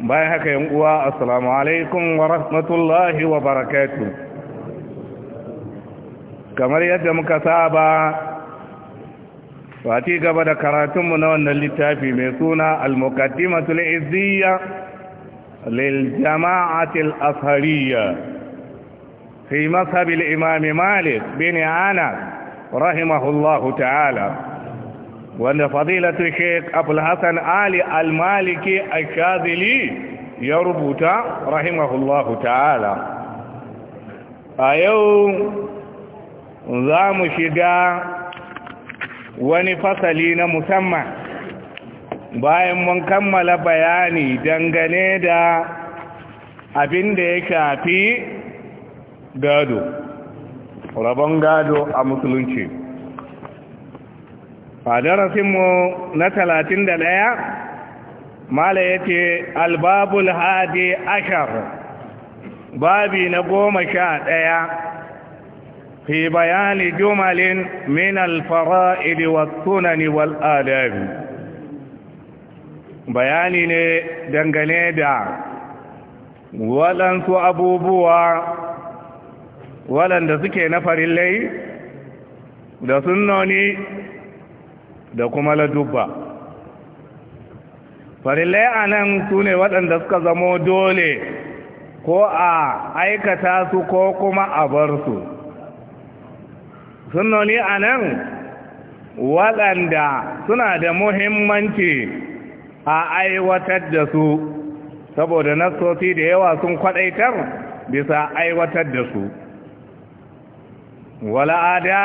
bayan haka yan uwa assalamu alaikum wa rahmatullahi wa barakatuh kamar yadda muka saba fati gaba da karatunmu na wannan littafi mai suna al-muqaddimatul izziya lil jama'atil ashariyya fi mazhabil imam malik bin anas rahimahullahu ta'ala wanda fadilatu sheik abulhassan ali almaliki ashazili ya rubuta rahimahullahu ta'ala a yau za mu shiga wani fasali na musamman bayan mun kammala bayani dangane da abin da ya shafi gado rabon gado a musulunci darasinmu na talatin da ɗaya mala ya ce albabul hadi ashar babi na goma sha ɗaya fi bayani jumalin Minal alfara'ili wa sunani wal adabi bayani ne dangane da waɗansu abubuwa waɗanda suke na farin farillai da sunnoni da kuma ladubba farillai a nan su ne waɗanda suka zamo dole ko a aikata su ko kuma a bar su sunnoni a nan waɗanda suna da muhimmanci a aiwatar da su saboda nasosi da yawa sun kwaɗaitar bisa aiwatar da su wala'ada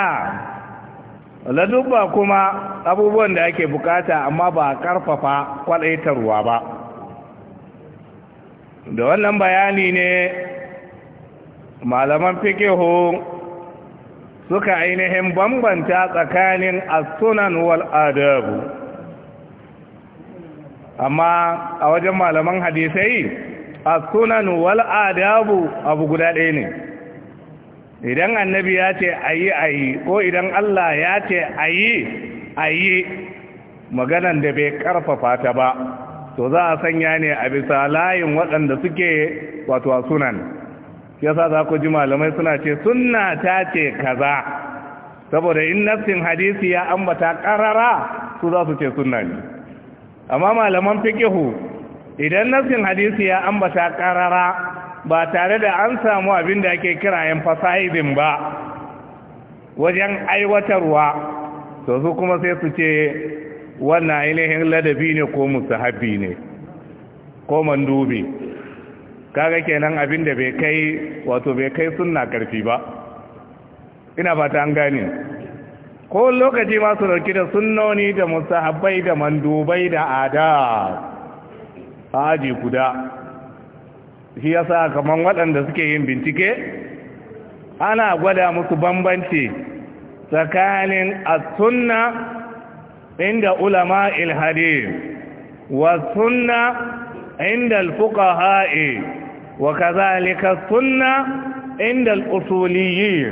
ladubba kuma abubuwan da ake bukata amma ba a karfafa kwadaitarwa ba da wannan bayani ne malaman fikihu suka ainihin bambanta tsakanin asunan wal adabu amma a wajen malaman hadisai asunan wal'adabu wal adabu abu guda ɗaya ne idan annabi ya ce ayi ayi ko idan Allah ya ce ayi ayi maganan da bai karfafa ta ba to za a sanya ne a bisa layin waɗanda suke wato sunan yasa za ku ji malamai suna ce sunna ta ce kaza saboda in nafsin hadisi ya ambata karara su za su ce sunna ne amma malaman fikihu idan nafsin hadisi ya ambata karara ba tare da an samu abin da ake kirayen fasahidin ba wajen aiwatarwa to su kuma sai su ce wannan ainihin ladabi ne ko musahabi ne ko mandubi kaga kenan abin da bai kai wato bai kai sunna karfi ba ina ba ta an gane ko lokaci masu su dauki da sunnoni da musahabbai da mandubai da ada Haji guda shi yasa kamar waɗanda suke yin bincike ana gwada musu bambanci tsakanin Asunna sunna inda ulama ilhari wa sunna inda alfuka fuqahai wa kazalika sunna inda al'usuliyi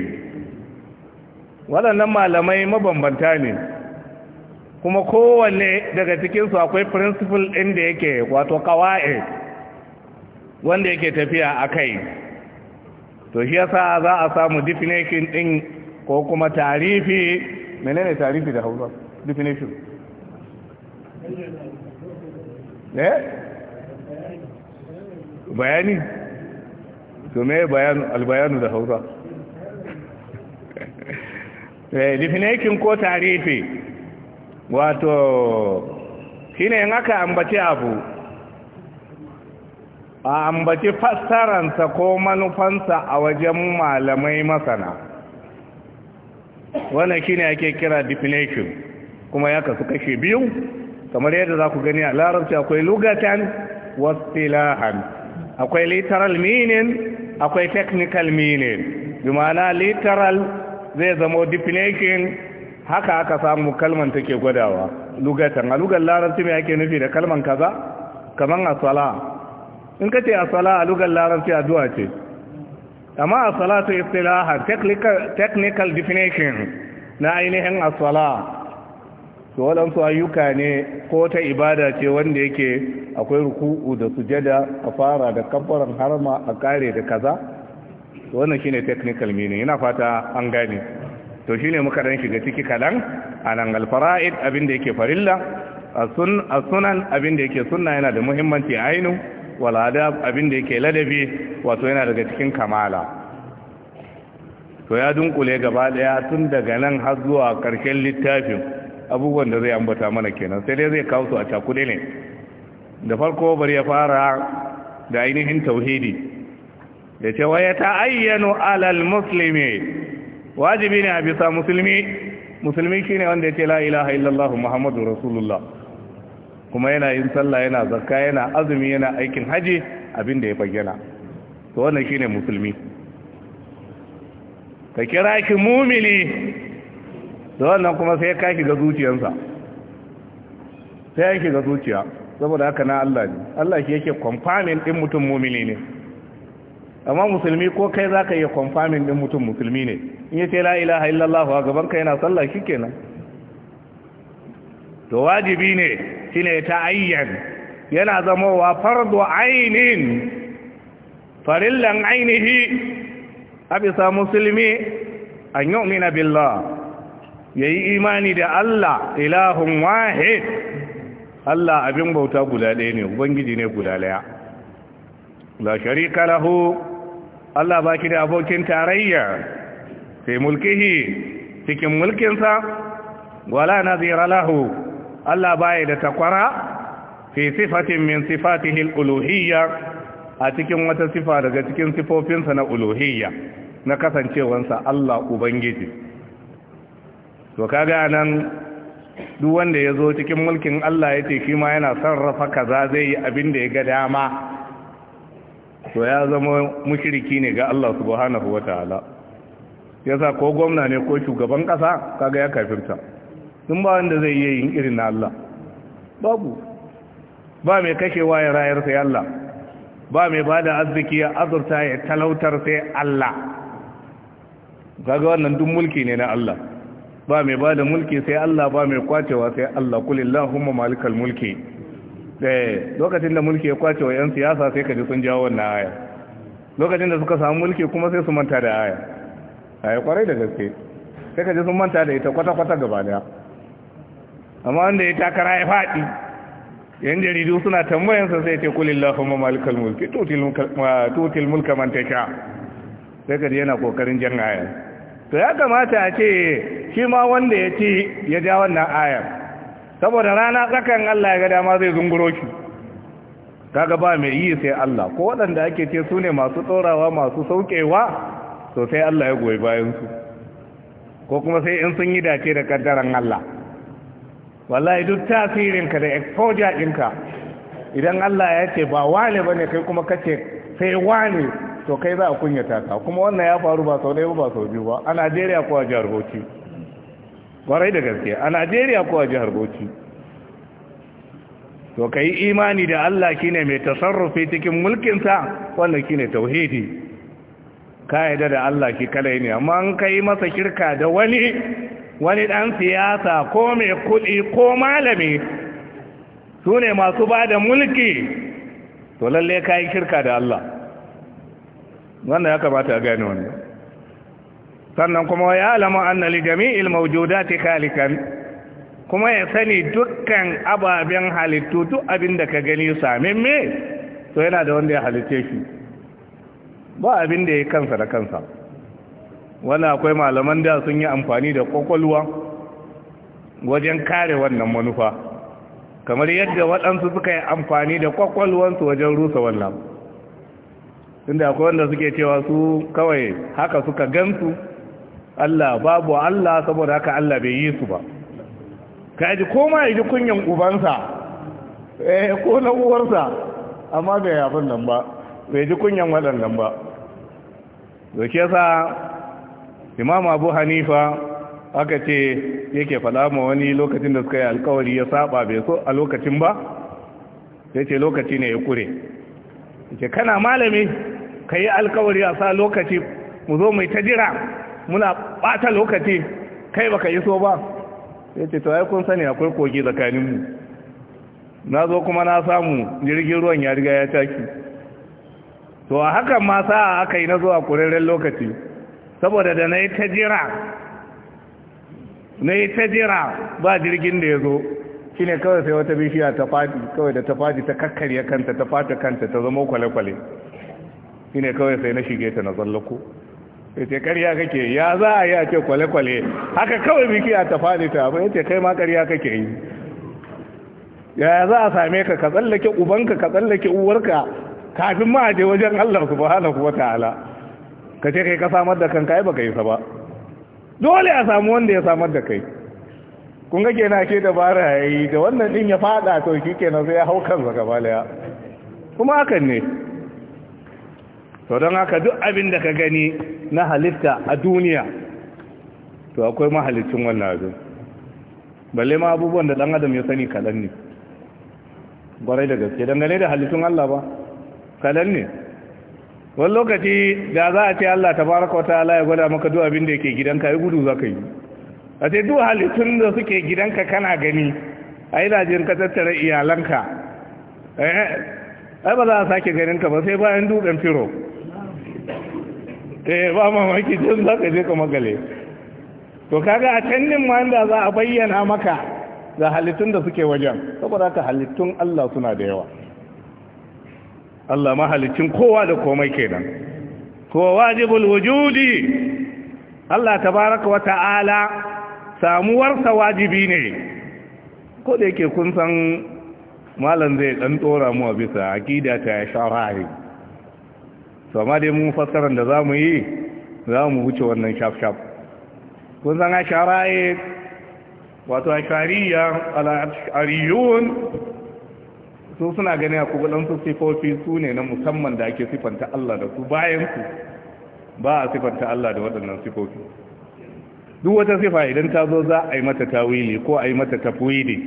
waɗannan malamai mabambanta ne kuma kowanne daga cikinsu akwai principle inda yake wato kawai wanda yake tafiya a kai to shi yasa za a samu definition din ko kuma tarifi menene tarifi da hausa definition ne eh? bayani to me bayan albayanu da hausa eh, definition ko tarifi wato shine in aka ambaci abu a ambaci fassaransa ko manufansa a wajen malamai masana wannan shi ne ake kira definition kuma ya kasu kashe biyu kamar yadda za ku gani a larabci akwai lugatan wasilahan akwai literal meaning akwai technical meaning bi ma'ana literal zai zama definition haka aka samu kalman take gwadawa lugatan a lugar larabci mai ake nufi da kalman kaza a asala in ka ce a sala a lugar larabci addu'a ce amma a sala ta istilaha technical definition na ainihin a sala to waɗansu ayyuka ne ko ta ibada ce wanda yake akwai ruku'u da sujada a fara da kabbaran harma a kare da kaza wannan shine technical meaning yana fata an gane to shine muka dan shiga ciki kalan anan alfara'id abinda yake farilla a sunan abinda yake sunna yana da muhimmanci ainu walada adab abin da yake ladabi wato yana daga cikin kamala to ya dunkule gaba daya tun daga nan har zuwa karshen littafin abubuwan da zai ambata mana kenan sai dai zai kawo su a cakude ne da farko bari ya fara da ainihin tauhidi da cewa ya ta'ayyano alal muslimi wajibi ne a bisa musulmi musulmi shine wanda ya ce la ilaha illallah muhammadu rasulullah kuma yana yin sallah yana zakka yana azumi yana aikin haji abin da ya bayyana to wannan shine musulmi ka kira ki mumini da wannan kuma sai ka ki ga zuciyarsa sai ya ga zuciya saboda haka na Allah ne Allah shi yake confirming din mutum mumini ne amma musulmi ko kai za ka yi confirming din mutum musulmi ne in yace la ilaha illallah wa gaban ka yana sallah shikenan to wajibi ne shine ta ayyan yana zamowa fardu ainin farillan ainihi abisa musulmi an yu'mina billah yayi imani da Allah ilahun wahid Allah abin bauta guda ɗaya ne ubangiji ne guda ɗaya la sharika lahu Allah baki da abokin tarayya Sai mulkihi cikin mulkinsa wala nazira lahu Allah baya da takwara fi sifatin min sifatihi al-uluhiyya a cikin wata sifa daga cikin sifofinsa na uluhiyya na kasancewansa Allah ubangiji to kaga nan duk wanda ya zo cikin mulkin Allah ya ce shi yana sarrafa kaza zai yi abin da ya ga dama to ya zama mushriki ne ga Allah subhanahu wataala yasa ko gwamna ne ko shugaban kasa kaga ya kafirta sun ba wanda zai iya yin irin na Allah babu ba mai kashewa ya rayar sai Allah ba mai ba da arziki ya azurta ya talautar sai Allah gaga wannan duk mulki ne na Allah ba mai ba da mulki sai Allah ba mai kwacewa sai Allah kulillahumma malikal mulki eh lokacin da mulki ya kwacewa yan siyasa sai ka ji sun jawo wannan aya lokacin da suka samu mulki kuma sai su manta da aya ai kwarai da gaske sai ka ji sun manta da ita kwata-kwata gaba daya amma wanda ya takara ya faɗi yan jaridu suna tambayansa sai ce kulin lafama malikal mulki tutil mulka mantaka sai ka yana kokarin jan ayar to ya kamata a ce shi ma wanda ya ce ya ja wannan ayar saboda rana tsakan Allah ya ga dama zai zunguro shi kaga ba mai yi sai Allah ko waɗanda ake ce su ne masu tsorawa masu saukewa sosai Allah ya goyi bayansu ko kuma sai in sun yi dace da kaddaran Allah wallahi duk tasirinka da exposure ɗinka idan Allah ya ce ba wane ba ne kai kuma kace sai wane to kai za a kunyata ka kuma wannan ya faru ba sau ɗaya ba sau biyu ba a najeriya ko a jihar bauchi ƙwarai da gaske a najeriya ko a jihar bauchi to ka yi imani da Allah kine mai tasarrufi cikin mulkinsa wannan kine tauhidi ka yarda da Allah shi kadai ne amma an kai masa shirka da wani wani ɗan siyasa ko mai kuɗi ko malami su ne masu ba da mulki to lalle ka yi shirka da Allah wannan ya kamata a gane wani. sannan kuma ya alama annali jami'il maujudati kalikan kuma ya sani dukkan ababen halittu duk abin da ka gani samin me to yana da wanda ya halitte shi ba abin da ya kansa da kansa wani akwai malaman da sun yi amfani da kwakwalwa wajen kare wannan manufa kamar yadda waɗansu suka yi amfani da kwakwalwansu wajen rusa wannan inda akwai wanda suke cewa su kawai haka suka gansu Allah babu Allah saboda haka Allah bai yi su ba ka ji koma ji kunyan ubansa eh ko na uwarsa amma bai abin nan ba bai ji kunyan waɗannan ba doke sa imam abu hanifa aka ce yake faɗa ma wani lokacin da suka yi alkawari ya saba bai so a lokacin ba ya ce lokaci ne ya kure ce kana malami ka yi alkawari a sa lokaci mu zo mai ta jira muna ɓata lokaci kai baka yi so ba ya ce tawai kun sani akwai kogi tsakaninmu na zo kuma na samu jirgin ruwan ya riga ya taki to a hakan ma sa aka yi na zo a kureren lokaci saboda da na yi ta jira na yi ta jira ba jirgin da ya zo shi ne kawai sai wata bishiya ta fadi kawai da ta fadi ta kakkarya kanta ta fata kanta ta zama kwale-kwale shi ne kawai sai na shige ta na zallako sai ce karya kake ya za a yi a ce kwale-kwale haka kawai bishiya ta fadi ta abu ya ce kai ma karya kake yi ya za a same ka ka tsallake ubanka ka tsallake uwarka kafin ma a je wajen allah subhanahu wa ta'ala ka ce kai ka samar da kanka ba baka yi sa ba dole a samu wanda ya samar da kai kun ga kenan ke dabara yayi da wannan din ya fada to kenan sai ya hau kansa gaba daya kuma hakan ne to don haka duk abin da ka gani na halitta a duniya to akwai mahalicin wannan abin balle ma abubuwan da dan adam ya sani kalan ne gwarai da gaske dangane da halittun Allah ba kalan ne wani lokaci da za a ce Allah ta wata ala ya gwada maka duk abin da yake gidanka ya gudu za ka yi a ce duk halittun da suke gidanka kana gani a yi jin ka tattara iyalanka eh, ai ba za a sake ganinka ba sai bayan dukan firo yi eh, ba mamaki jin za ka je ka magale to kaga a can din ma inda za a bayyana maka da halittun da suke wajen saboda ka halittun Allah suna da yawa Allah mahalicin kowa da komai kenan Kowa wajibul wujudi Allah tabaraka wa ta'ala samuwarsa wajibi ne ko da yake kun san malam zai dan tsora mu a bisa akida ta sharahi to amma dai mun fassarar da zamu yi zamu wuce wannan shaf shaf kun san sharahi wato ashariya ala ashariyun su suna gani a kubulan su sifofi su ne na musamman da ake sifanta Allah da su bayan su ba a sifanta Allah da waɗannan sifofi duk wata sifa idan ta zo za a yi mata tawili ko a yi mata tafwidi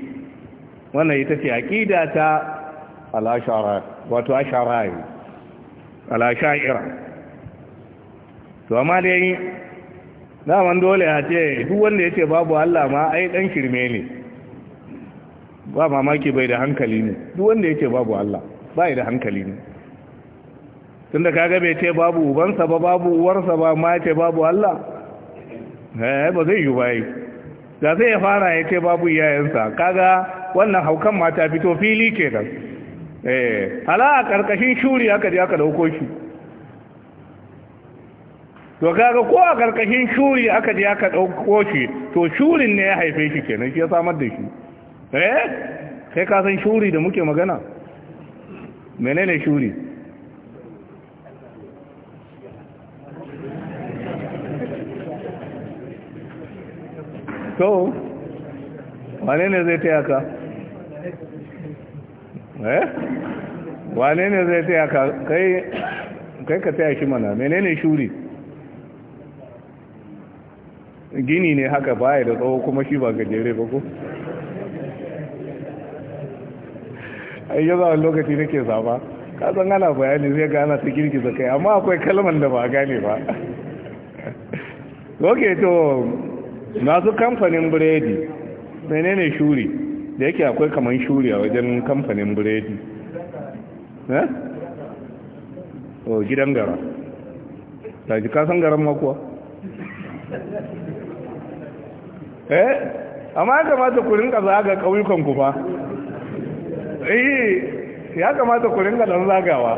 wannan ita ce aqida ta al-ashara wato ashara'i al-ashaira to amma dai dole a ce duk wanda yace babu Allah ma ai dan shirme ne ba mamaki bai da hankali ne duk wanda yake babu Allah bai da hankali ne tunda kaga bai ce babu ubansa ba babu uwarsa ba ma ce babu Allah eh ba zai yi bai da zai fara ya ce babu iyayensa kaga wannan haukan mata fito fili kenan eh hala a karkashin shuri aka je aka dauko shi to kaga ko a karkashin shuri aka je aka dauko shi to shurin ne ya haife shi kenan shi ya samar da shi eh kai ka san shuri da muke magana menene shuri to wane ne zai taya ka eh wane ne zai taya ka kai kai ka taya shi mana menene shuri gini ne haka baya da tsawo kuma shi ba gajere ba ko ai ya wani lokaci nake zaba. ka san ana bayani zai gana ana ta girgiza kai amma akwai kalman da ba gane ba ok to masu kamfanin biredi menene shuri da yake akwai kaman shuri a wajen kamfanin biredi eh oh, gidan gara ta ji kasan garan makuwa eh amma ya kamata ku rinka zaga ƙauyukan ku fa eh ya kamata ku ringa dan zagawa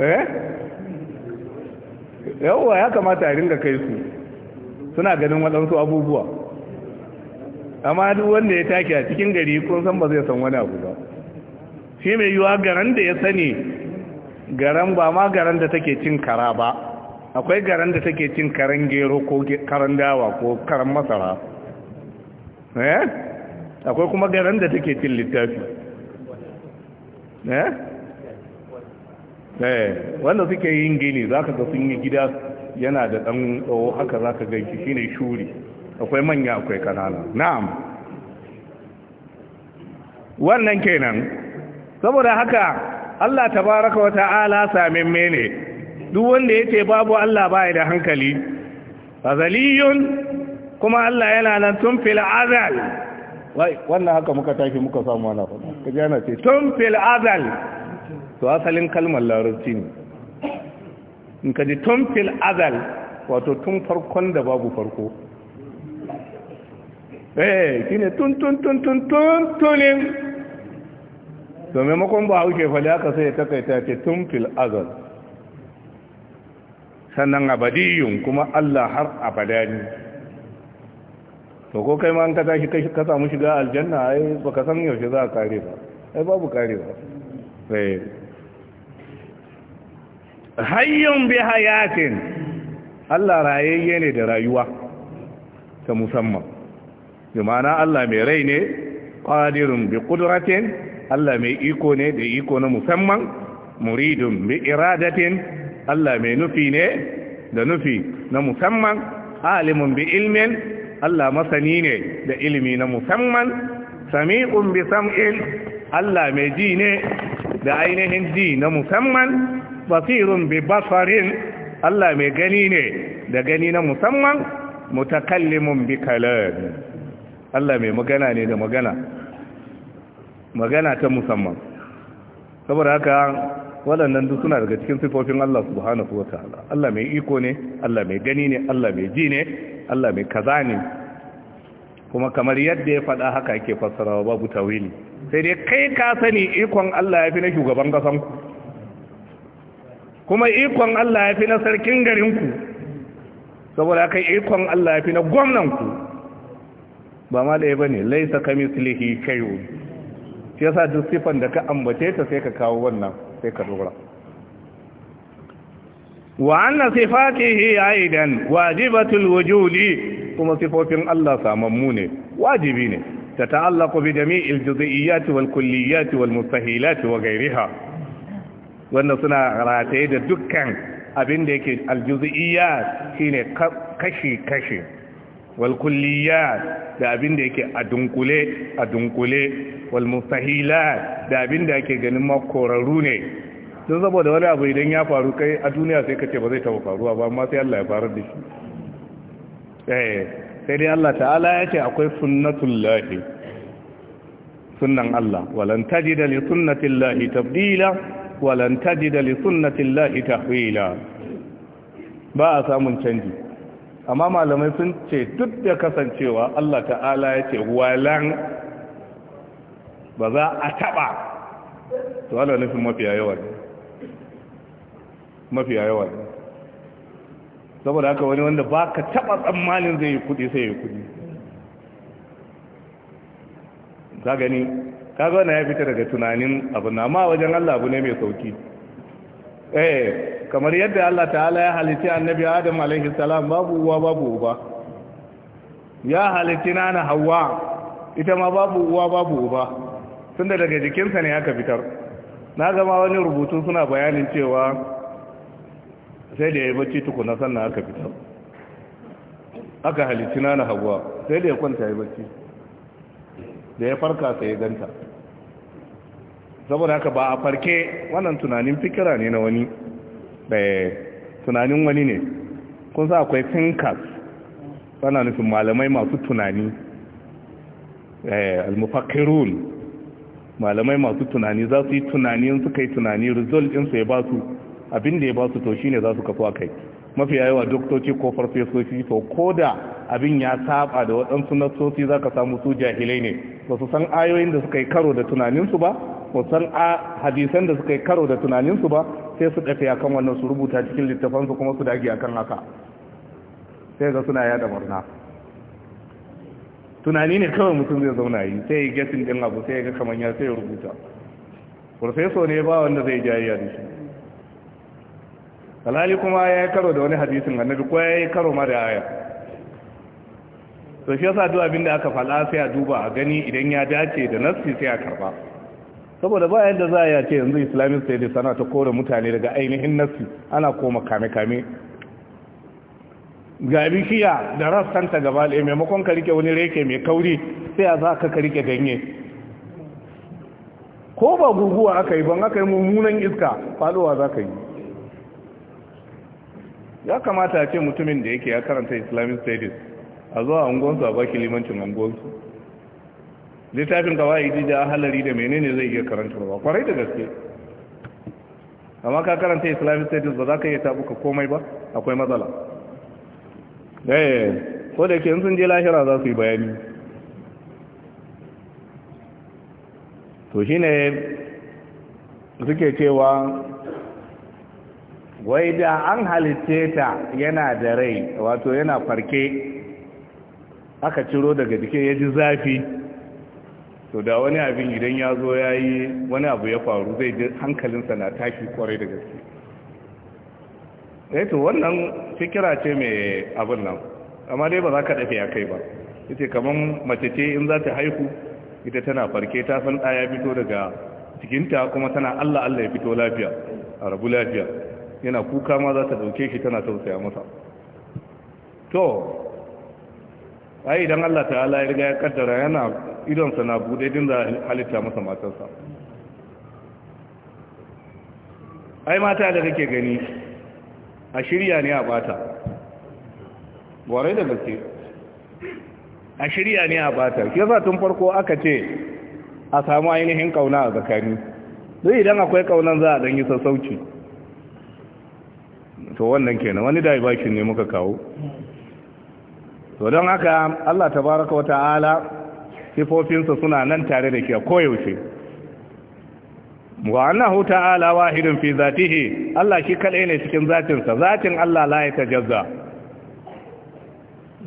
eh yawwa ya kamata a ringa kai su suna ganin waɗansu abubuwa amma duk wanda ya take a cikin gari kun san ba zai san wani abu ba shi mai yiwuwa garan da ya sani garan ba ma garan da take cin kara ba akwai garan da take cin karan gero ko karan dawa ko karan masara eh akwai kuma garan da take cin littafi Eh? Eh, wanda suke yin gini za ka sun yi gida yana da ɗan tsawo haka za ka shi ne shuri akwai manya akwai kanana na'am wannan kenan saboda haka Allah tabaraka wa ta'ala samin mene duk wanda yace babu Allah ba da hankali fazaliyun kuma Allah yana nan tun fil azal wannan haka muka tafi muka samu ana faɗa kaji ana ce tun fil azal to asalin kalmar larabci ne in kaji tun fil azal wato tun farkon da babu farko eh ne tun tun tun tun tun tunin to maimakon ba hauke fali aka sai ya takaita ce tun fil azal sannan abadiyun kuma Allah har abada ne to ko kai ma an ka tashi ka samu shiga aljanna ai ka san yaushe za a kare ba ai babu kare ba sai eh. hayyun bi hayatin Allah rayayye ne da rayuwa ta musamman bi ma'ana Allah mai rai ne qadirun bi qudratin Allah mai iko ne da iko na musamman muridun bi iradatin Allah mai nufi ne da nufi na musamman alimun bi ilmin Allah masani ne da ilimi na musamman sami'un bi sam'in Allah mai ji ne da ainihin ji na musamman basirun bi basarin Allah mai gani ne da gani na musamman mutakallimun bi kalam Allah mai magana ne da magana magana ta musamman saboda haka waɗannan duk suna daga cikin sifofin Allah subhanahu wa ta'ala Allah mai iko ne Allah mai gani ne Allah mai ji ne Allah mai kaza ne kuma kamar yadda ya faɗa haka fassara wa babu tawili sai dai kai ka sani ikon Allah ya fi na shugaban kasanku kuma ikon Allah ya fi na sarkin garinku saboda kai ikon Allah ya fi na gwamnanku ba ma ɗaya ba ne laisa kamislihi shayu shi yasa duk sifan da ka ambace ta sai ka kawo wannan sai ka dora wa anna sifatihi aidan wajibatul wujudi kuma sifofin Allah samammu ne wajibi ne ta ta'allaqu bi jami'il juz'iyyati wal kulliyyati wal mustahilat wa ghayriha wannan suna rataye da dukkan abin da yake al juz'iyyat shine kashi kashi wal da abin da yake a dunkule a dunkule wal da abin da yake ganin makorarru ne don saboda wani abu idan ya faru kai a duniya sai ka ce ba zai taba faruwa ba amma sai Allah ya faru da shi eh sai dai Allah ta'ala ya ce akwai sunnatullahi sunnan Allah walan tajida li sunnatillahi tabdila walan tajida li sunnatillahi tahwila ba a samun canji amma malamai sun ce duk da kasancewa Allah ta'ala ya ce walan ba za a taɓa to ala nufin mafiya yawa ne yawa saboda haka wani wanda ba ka taɓa tsammanin zai yi kuɗi sai yi kuɗi ka gani ka na ya fita daga tunanin abu na ma wajen Allah abu ne mai sauki eh kamar yadda Allah ta'ala ya halitti annabi Adam alaihi salam babu uwa babu uba ya halitti nana Hawwa ita ma babu uwa babu uba tunda daga jikinsa ne aka fitar na gama wani rubutu suna bayanin cewa sai da ya yi bacci tukuna sannan aka fitar aka halitti nana Hawwa sai da ya kwanta ya bacci da ya farka sai ya ganta saboda haka ba a farke wannan tunanin fikira ne na wani Eh, tunanin wani ne kun sa akwai thinkers wana nufin malamai masu tunani eh, almufakirun malamai masu tunani za su yi tunani suka yi tunani result su ya ba su abin ya ba su to shine za su kafa kai mafi yawa doktoci ko farfesoci to ko da abin ya saba da waɗansu na sosi za ka samu su jahilai ne ba su san ayoyin da suka yi karo da tunaninsu ba ba san hadisan da suka yi karo da tunaninsu ba sai su dafe kan wannan su rubuta cikin littafansu kuma su dage kan haka sai ga suna yada barna tunani ne kawai mutum zai zauna yi sai ya gasin din abu sai ya ga kamar ya sai ya rubuta farfeso ne ba wanda zai jayayya da shi alhali kuma ya yi karo da wani hadisin annabi ko ya yi karo ma da aya to shi yasa duk abin da aka fala sai a duba a gani idan ya dace da nassi sai a karba saboda ba yadda za a yi ce yanzu Islamist state sana ta kore mutane daga ainihin nassi ana koma kame-kame ga bishiya da rassanta gaba ɗaya maimakon ka rike wani reke mai kauri sai a za ka rike ganye ko ba guguwa aka yi ban aka yi mummunan iska faɗowa za ka yi ya kamata a ce mutumin da yake ya karanta Islamist studies a zuwa unguwarsu a baki limancin unguwansu. littafin kawai da halari da menene zai iya karantarwa kwarai da gaske amma ka karanta islamic studies ba za ka iya tabuka komai ba akwai matsala ɗaya eh, ko da ke sun je lahira za su yi bayani to ne suke cewa wai da an halitte ta yana da rai wato yana farke aka ciro daga jike ya ji zafi to da wani abin idan ya zo ya yi wani abu ya faru zai ji hankalinsa na tashi kwarai da gaske eh to wannan fikira ce mai abin nan amma dai ba za ka dafe ya kai ba ita kamar mace ce in za ta haihu ita tana farke ta san ɗaya fito daga cikinta kuma tana allah allah ya fito lafiya a rabu lafiya yana kuka ma za ta ɗauke shi tana tausaya masa to ai idan Allah ta'ala ya riga ya kaddara yana idonsa na bude din da halitta masa matarsa ai mata da kake gani a shirya ne a bata warai da gaske a shirya ne a bata ke za tun farko aka ce a samu ainihin kauna a zakani duk idan akwai kaunan za a dan yi sassauci to wannan kenan wani da ne muka kawo to don haka Allah Ta baraka wa ta'ala sifofinsa suna nan tare da ke koyaushe wa annahu ta'ala wahidun fi zatihi Allah shi kadai ne cikin zatinsa zatin Allah la jazza.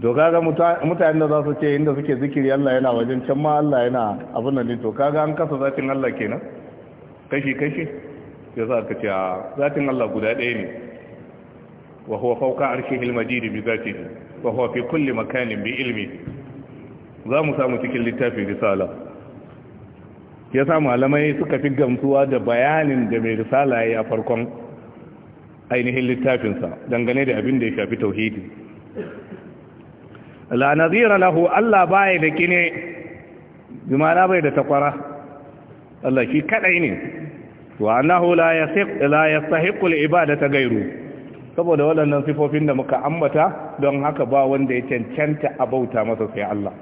to kaga mutane da za su ce inda suke zikiri Allah yana wajen can ma Allah yana abin nan to kaga an kasa zatin Allah kenan kashi kashi Ya za ka ce zatin Allah guda ɗaya ne wa huwa fawqa arshihil majid bi zatihi wa huwa fi kulli makanin bi ilmi za mu samu cikin littafin risala ya sa malamai suka fi gamsuwa da bayanin da mai risala ya a farkon ainihin littafinsa dangane da abin da ya shafi tauhidi la nazira lahu Allah baya da kine bi bai da takwara Allah shi kadai ne wa annahu la yasiq la yastahiqu al-ibadata ghayruhu saboda waɗannan sifofin da muka ambata don haka ba wanda ya cancanta a bauta masa sai Allah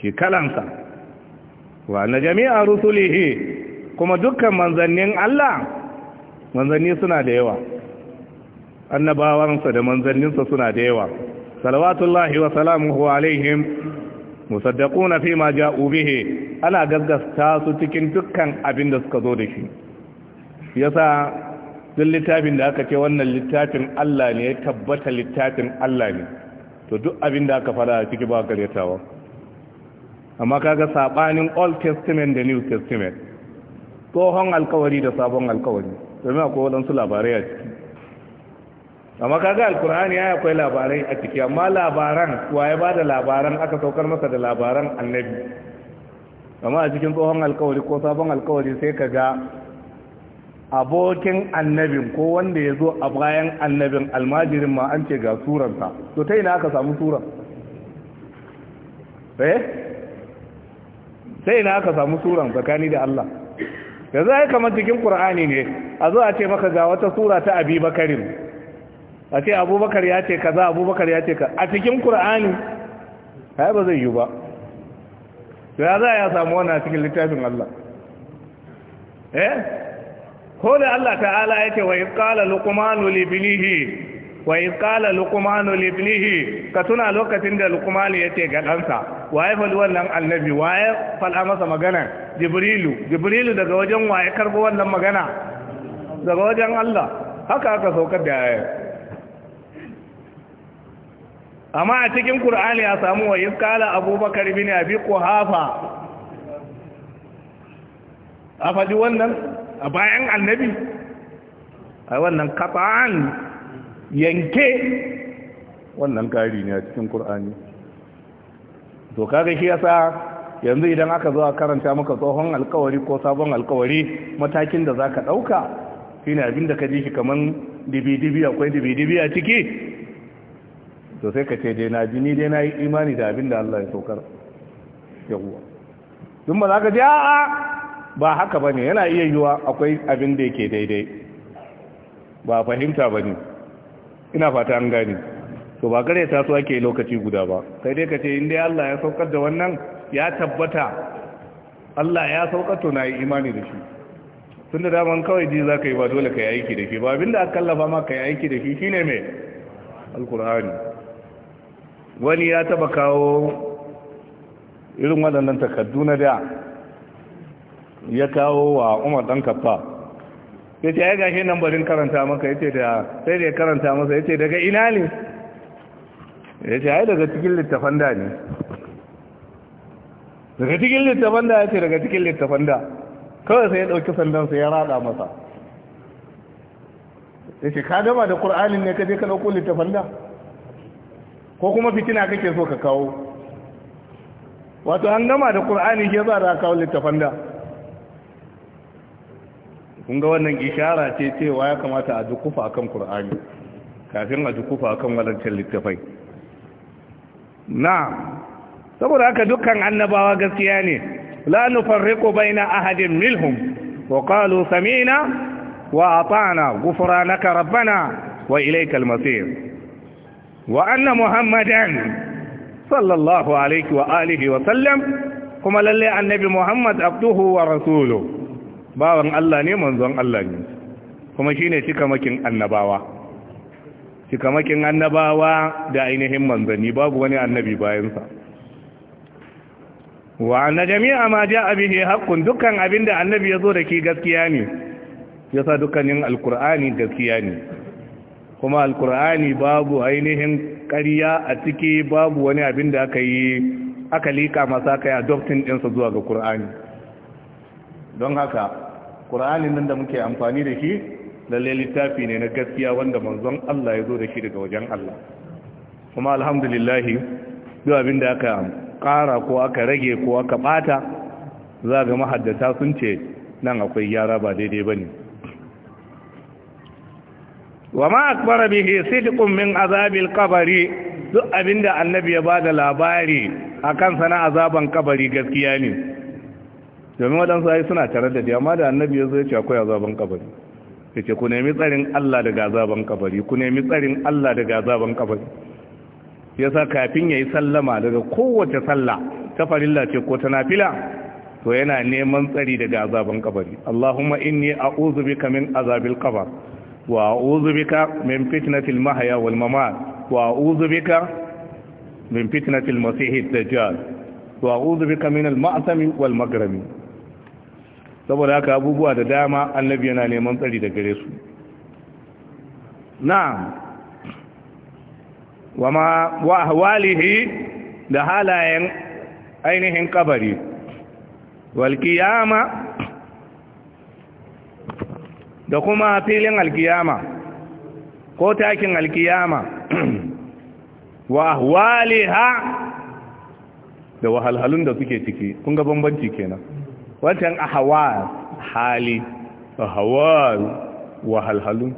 shi kalansa wa na jami'a rusulihi kuma dukkan manzannin Allah manzanni suna da yawa annabawansa da manzanninsa suna da yawa salawatullahi wa salamuhu alaihim musaddaquna fi ma ja'u bihi ana gaggasta su cikin dukkan abin da suka zo da shi yasa duk littafin da aka ce wannan littafin Allah ne ya tabbata littafin Allah ne to duk abin da aka fara ciki ba karyatawa amma kaga sabanin old testament da new testament tsohon alkawari da sabon alkawari domin akwai waɗansu labarai a ciki amma kaga alkur'ani ya akwai labarai a ciki amma labaran waye ba da labaran aka saukar masa da labaran annabi amma a cikin tsohon alkawari ko sabon alkawari sai ka ga abokin annabin ko wanda ya zo a bayan annabin almajirin ma an ce ga suransa to ta ina aka samu suran eh sai ina aka samu suran tsakani da Allah da za a yi kamar cikin qur'ani ne a zo a ce maka ga wata sura ta abi a ce abubakar ya ce kaza abubakar ya ce ka a cikin qur'ani ai ba zai yi ba ya za ya samu wani a cikin littafin Allah eh ko da Allah ta'ala yake wa isqala luqmanu li ibnihi wa isqala luqmanu li ibnihi ka tuna lokacin da luqman yake ga dansa. waye fa wannan annabi waye fala masa magana jibrilu jibrilu daga wajen waye karbo wannan magana daga wajen Allah haka aka saukar da ayar amma a cikin qur'ani ya samu wa isqala abubakar bin abi quhafa a faɗi wannan a bayan annabi a wannan kafa'an yanke wannan kari ne a cikin ƙur'ani to kaga shi yasa yanzu idan aka zo a karanta maka tsohon alkawari ko sabon alkawari matakin da zaka ka ɗauka abin da ka ji shi kamar dibi-dibi akwai dibi-dibi a ciki to sai ka ce dai na ji ni dai na yi imani da abin da Allah ya saukar yawuwa dun ba za ka ji a'a ba haka bane yana iya yiwa akwai abin da yake daidai ba fahimta bane ina fata an gani to ba gare ta so ake lokaci guda ba sai dai kace inda Allah ya saukar da wannan ya tabbata Allah ya saukar to nayi imani da shi Tun da man kawai ji ka yi ba dole ka yi aiki da shi ba abinda aka kallafa ma ka yi aiki da shi shine me alqur'ani wani ya taba kawo irin waɗannan takaddu na da ya kawo wa umar ɗan kaffa ya ce ya gashi nan barin karanta maka ya ce da sai da ya karanta masa ya ce daga ina ne ya ce ai daga cikin littafan da ne daga cikin littafan da ya ce daga cikin littafan da kawai sai ya ɗauki sandansa ya rada masa ya ce ka gama da ƙur'anin ne ka je ka ɗauko littafan da ko kuma fitina kake so ka kawo wato an gama da ƙur'ani ke za da kawo littafan da kun ga wannan ishara ce cewa ya kamata a dukufa akan Kur'ani kafin a dukufa akan wadancan littafai na'am saboda haka dukkan annabawa gaskiya ne la nufarriqu baina ahadin minhum wa qalu sami'na wa ata'na ghufranaka rabbana wa ilaykal masir wa anna muhammadan sallallahu alaihi wa alihi wa sallam kuma lalle annabi muhammad abduhu wa rasuluhu bawan Allah ne manzon Allah ne kuma shine cikamakin annabawa cikamakin annabawa da ainihin manzanni babu wani annabi bayansa wa anna jami'a ma ja'a bihi haqqun dukkan abinda annabi yazo da ke gaskiya ne yasa dukkanin alqur'ani gaskiya ne kuma alqur'ani babu ainihin ƙarya a ciki babu wani abin da aka yi aka liƙa masa kai adoptin ɗinsa zuwa ga ƙur'ani don haka ƙura'anin nan da muke amfani da shi lalle littafi ne na gaskiya wanda manzon Allah ya zo da shi daga wajen Allah kuma alhamdulillahi duk abin da aka ƙara ko aka rage ko aka ɓata za ga mahaddata sun ce nan akwai gyara ba daidai ba ne wa ma akbara bihi sidqun min azabil duk abinda annabi ya da labari akan sana azaban kabari gaskiya ne domin waɗansu ai suna tare da amma da annabi ya zo ya ce akwai azaban kabari ya ce ku nemi tsarin Allah daga azaban kabari ku nemi tsarin Allah daga azaban kabari yasa kafin yayi sallama daga kowace salla ta farilla ce ko ta nafila to yana neman tsari daga azaban kabari Allahumma inni a'udhu bika min azabil qabr wa a'udhu bika min fitnatil mahya wal mamat wa a'udhu bika min fitnatil masihid dajjal wa a'udhu bika min al ma'sam wal maghrami saboda haka abubuwa da dama annabi yana neman tsari da gare su na'am wa ma wa ahwalihi da halayen ainihin kabari wal qiyama da kuma filin alkiyama ko takin alkiyama wa ahwaliha da wahalhalun da suke ciki kun ga bambanci kenan wancan ahawar hali ahawar wahalhalu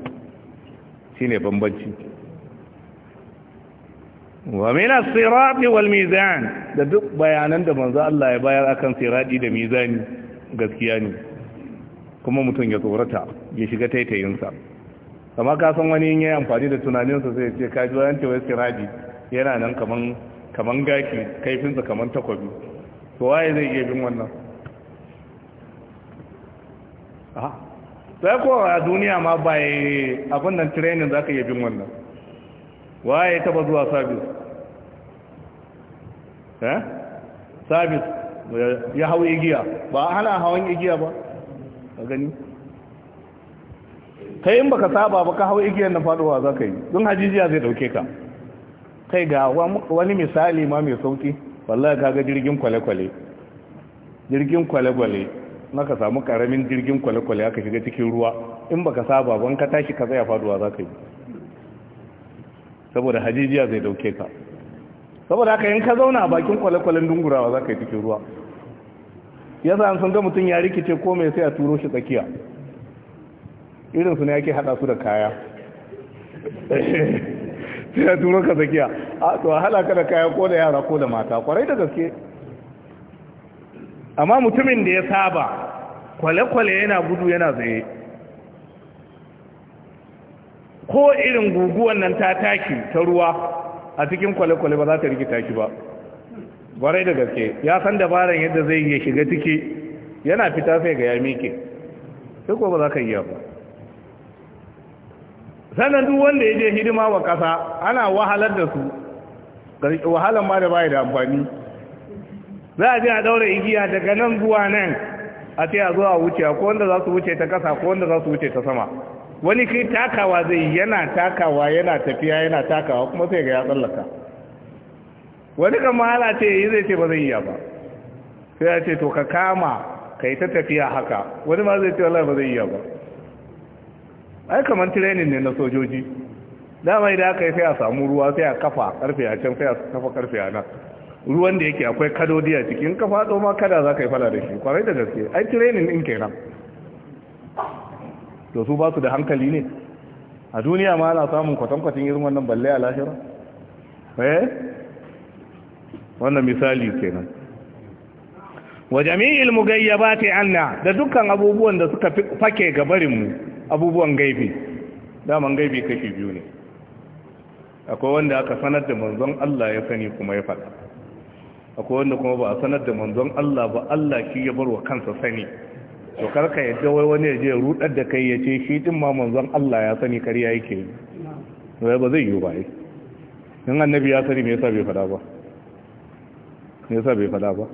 shi ne bambanci wa mina sirati wal mizan da duk bayanan da manzo Allah ya bayar akan sirati da mizani gaskiya ne kuma mutum ya tsorata ya shiga taitayinsa Kamar ka san wani yin amfani da tunaninsa sai ce ka ji wayan wai sirati yana nan kaman kaman gaki kaifinsa kaman takobi to waye zai iya bin wannan sai ko a duniya ma ba abin nan training za ka yi bin wannan waye taba zuwa sabis? eh sabis ya hau igiya ba hana hawan igiya ba a gani kai in baka saba ba ka hau igiyar na faduwa za ka yi don hajijiya zai dauke ka kai ga wani misali ma mai sauki wallahi ga jirgin kwale-kwale jirgin kwale-kwale ka samu karamin jirgin kwale-kwale aka shiga cikin ruwa in baka saba ban ka tashi ka tsaya faduwa za ka yi saboda hajijiya zai dauke ka saboda haka yin ka zauna a bakin kwale-kwalen dungurawa za ka yi cikin ruwa ya sa sun ga mutum ya rikice ko mai sai a turo shi tsakiya irin su ne yake hada su da kaya sai a turo ka tsakiya a to a ka da kaya ko da yara ko da mata kwarai da gaske amma mutumin da ya saba kwale-kwale yana gudu yana tsaye ko irin guguwan nan ta taki ta ruwa a cikin kwale-kwale ba za ta rikita shi ba gwarai da gaske ya san dabaran yadda zai yi shiga ciki yana fita sai ga ya sai ko ba za ka iya ba sannan duk wanda ya je hidima wa kasa ana wahalar da su wahalar ma da baya da amfani za a je a daura igiya daga nan zuwa nan a ce a zo a wuce ko wanda za su wuce ta kasa ko wanda za su wuce ta sama wani kai takawa zai yana takawa yana tafiya yana takawa kuma sai ga ya tsallaka wani kan mahala ce yi zai ce ba zai iya ba sai ya ce to ka kama ka yi ta tafiya haka wani ma zai ce wallahi ba zai iya ba ai kamar tirenin ne na sojoji dama idan aka yi sai a samu ruwa sai a kafa karfe a can sai a kafa karfe a nan ruwan da yake akwai kadodi a cikin kafa tsoma ma kada za ka yi fada da shi kwarai da gaske ai training din nan. to su ba su da hankali ne a duniya ma ana samun kwatankwacin irin wannan balle a lahira eh wannan misali kenan wa jami'il mugayyabati anna da dukkan abubuwan da suka fake ga barin mu abubuwan gaibi daman gaibi kashi biyu ne akwai wanda aka sanar da manzon Allah ya sani kuma ya faɗa akwai wanda kuma ba a sanar da manzon Allah ba Allah shi ya bar wa kansa sani to karka yadda wai wani ya je rudar da kai ya ce shi din ma manzon Allah ya sani kariya yake yi wai ba zai yi ba ai in annabi ya sani me yasa bai fada ba me yasa bai fada ba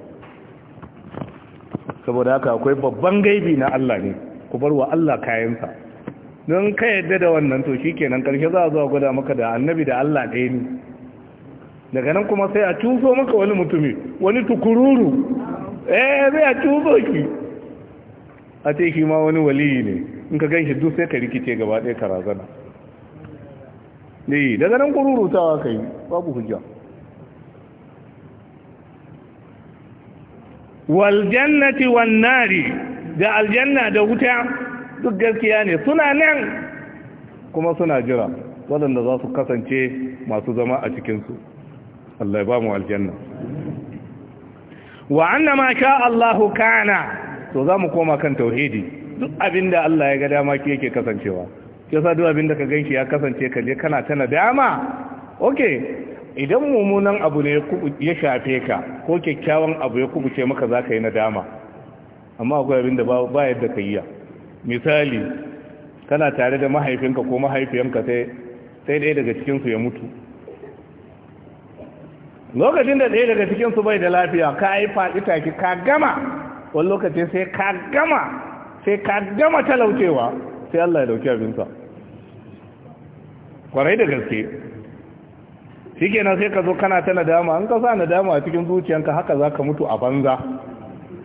saboda haka akwai babban gaibi na Allah ne ku bar wa Allah kayansa don ka yadda da wannan to shikenan karshe za a zo a gwada maka da annabi da Allah ɗaya ne daga nan kuma sai a cuso maka wani mutumi wani tukururu eh sai a cuso ki a ce shi ma wani waliyi ne in ka ganshi duk sai ka rikice gaba ɗaya ka razana ne eh, daga nan kururutawa ka yi babu hujja wal jannati wan nari da aljanna da wuta duk gaskiya ne suna nan kuma suna jira waɗanda za su kasance masu zama a cikinsu Allah ya ba mu aljanna wa annama sha Allahu kana to za mu koma kan tauhidi duk abinda Allah ya ga dama ki yake kasancewa yasa duk abinda ka ganki ya kasance kaje je kana tana dama okay idan mummunan abu ne ya shafe ka ko kyakkyawan abu ya kubuce maka zaka ka yi dama? amma akwai abinda ba yadda ka yi misali kana tare da mahaifinka ko mahaifiyanka sai ɗaya daga cikin su ya mutu lokacin da ɗaya daga cikin su bai da lafiya ka yi faɗi taki ka gama wani lokaci sai ka gama sai ka gama talaucewa sai Allah ya dauki abinsa kwarai da gaske shi kenan sai ka zo kana ta nadama an ka sa nadama a cikin zuciyanka haka za ka mutu a banza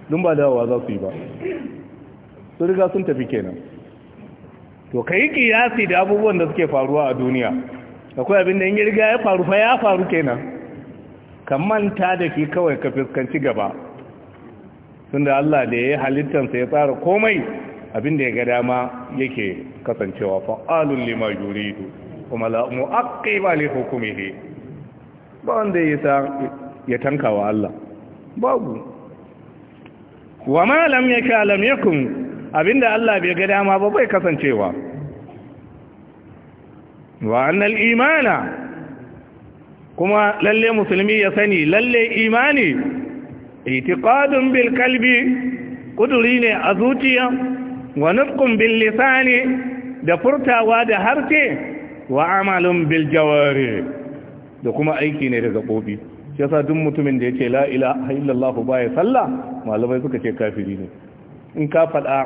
dun ba dawowa za su yi ba su riga sun tafi kenan to ka yi kiyasi da abubuwan da suke faruwa a duniya akwai abin da in riga ya faru fa ya faru kenan ka manta da ke kawai ka fuskanci gaba da Allah da ya halittansa ya tsara komai abin da ya ga dama yake kasancewa fa'alun lima yuridu kuma ba ne hukumi ne ba wanda ya ya tanka wa Allah babu wa ma lam yaka lam abin abinda Allah bai ga dama ba bai kasancewa wa annal imana kuma lalle musulmi ya sani lalle imani itiqadun bil kalbi kuduri ne a zuciya wa nutqun bil lisani da furtawa da harshe wa amalun bil jawari da kuma aiki ne da gabobi shi yasa duk mutumin da yake la ilaha illallah ba sallah malamai suka ce kafiri ne in ka fada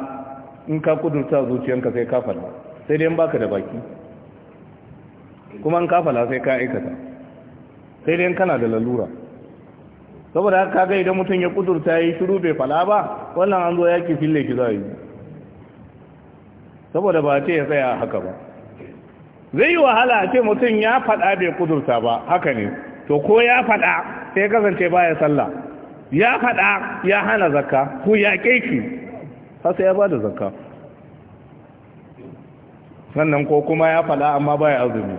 in ka kudurta zuciyanka sai ka fada sai dai in baka da baki kuma in ka fada sai ka aikata sai dai kana da lalura saboda haka ga idan mutum ya kudurta yi shiru bai fala ba wannan an zo yaki fille ki za yi saboda ba ce ya tsaya haka ba zai yi wahala a ce mutum ya fada bai kudurta ba haka ne to ko ya fada sai kasance baya sallah ya fada ya hana zakka ko ya har sai ya bada zakka sannan ko kuma ya fada amma baya azumi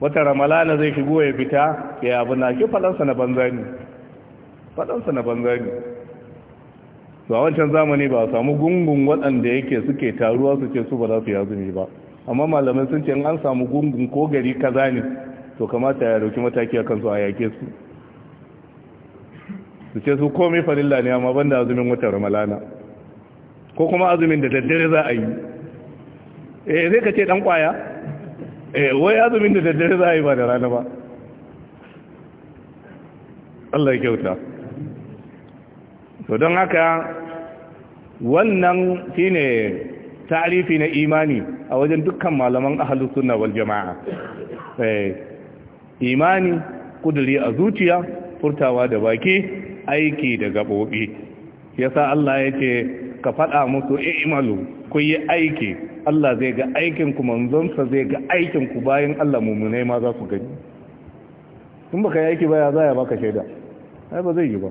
wata ramalana zai shigo ya fita ya abu na ki falansa na banza ne falansa na banza ne a wancan zamani ba a samu gungun waɗanda yake suke taruwa su ce su ba za su yi azumi ba amma malamai sun ce in an samu gungun ko gari kaza ne to kamata ya dauki mataki a kansu a yake su su ce su komai farilla ne amma banda azumin wata ramalana ko kuma azumin da daddare za a yi eh zai ka ce dan kwaya eh wai azumin da daddare za a yi ba da rana ba Allah ya kyauta to don haka wannan shine tarifi na imani a wajen dukkan malaman ahalus sunna wal jama'a eh, imani kuduri a zuciya furtawa da baki aiki da gaɓoɓi. Ya sa Allah yace ka faɗa musu i'malu ku yi aiki Allah zai ga aikin ku manzonsa zai ga aikin ku bayan Allah mummunai ma za su gani in baka yi aiki ba za ya baka shaida ai ba zai yi ba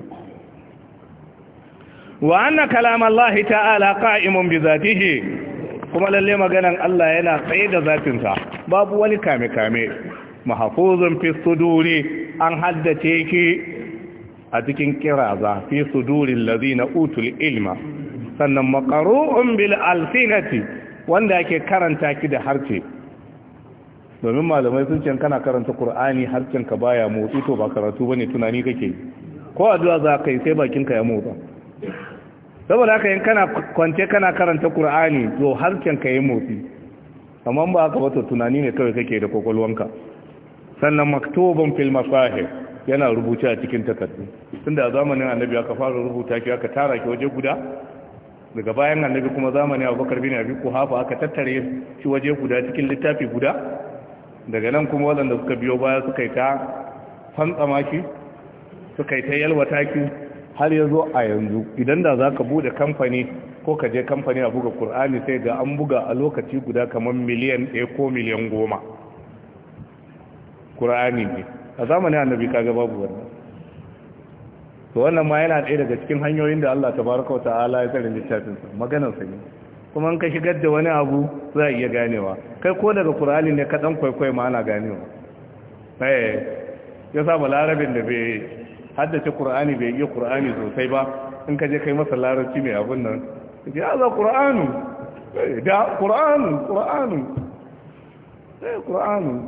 wa anna kalam Allah ta'ala qa'imun bi zatihi kuma lalle maganan Allah yana tsaye da sa babu wani kame kame mahfuzun fi suduri an haddace ki a cikin kiraza fi sudurin ladina utul ilma sannan maƙaru'un bil alfinati wanda ake karanta ki da harce domin malamai sun ce kana karanta ƙur'ani harcen ka baya motsi to ba karatu bane tunani kake ko addu'a za ka yi sai bakin ka ya motsa saboda haka yin kana kwance kana karanta ƙur'ani to harcen ka yi motsi amma ba haka ba to tunani ne kawai kake da kokolwanka sannan maktubun fil masahib yana rubuta a cikin takardu tunda a zamanin annabi aka fara rubuta ki aka tara ki waje guda daga bayan annabi kuma zamani abubakar bin abi kuhafa aka tattare shi waje guda cikin littafi guda daga nan kuma waɗanda suka biyo baya suka yi ta fantsama shi suka yi ta yalwata ki har ya zo a yanzu idan da za ka buɗe kamfani ko ka je kamfani a buga Kur'ani sai ga an buga a lokaci guda kamar miliyan ɗaya ko miliyan goma Kur'ani ne a zamanin annabi kaga babu wannan to wannan ma yana ɗaya daga cikin hanyoyin da Allah tabaraka wa ta'ala ya tsare littafin sa maganar sa ne kuma in ka shigar da wani abu za a iya ganewa kai ko daga Qur'ani ne ka dan kwaikwai ma ana ganewa eh yasa larabin da bai haddace Qur'ani bai iya Qur'ani sosai ba in ka je kai masa larabci mai abun nan ya za Kur'anu, eh, da kur'anu. Qur'anu sai eh, Qur'anu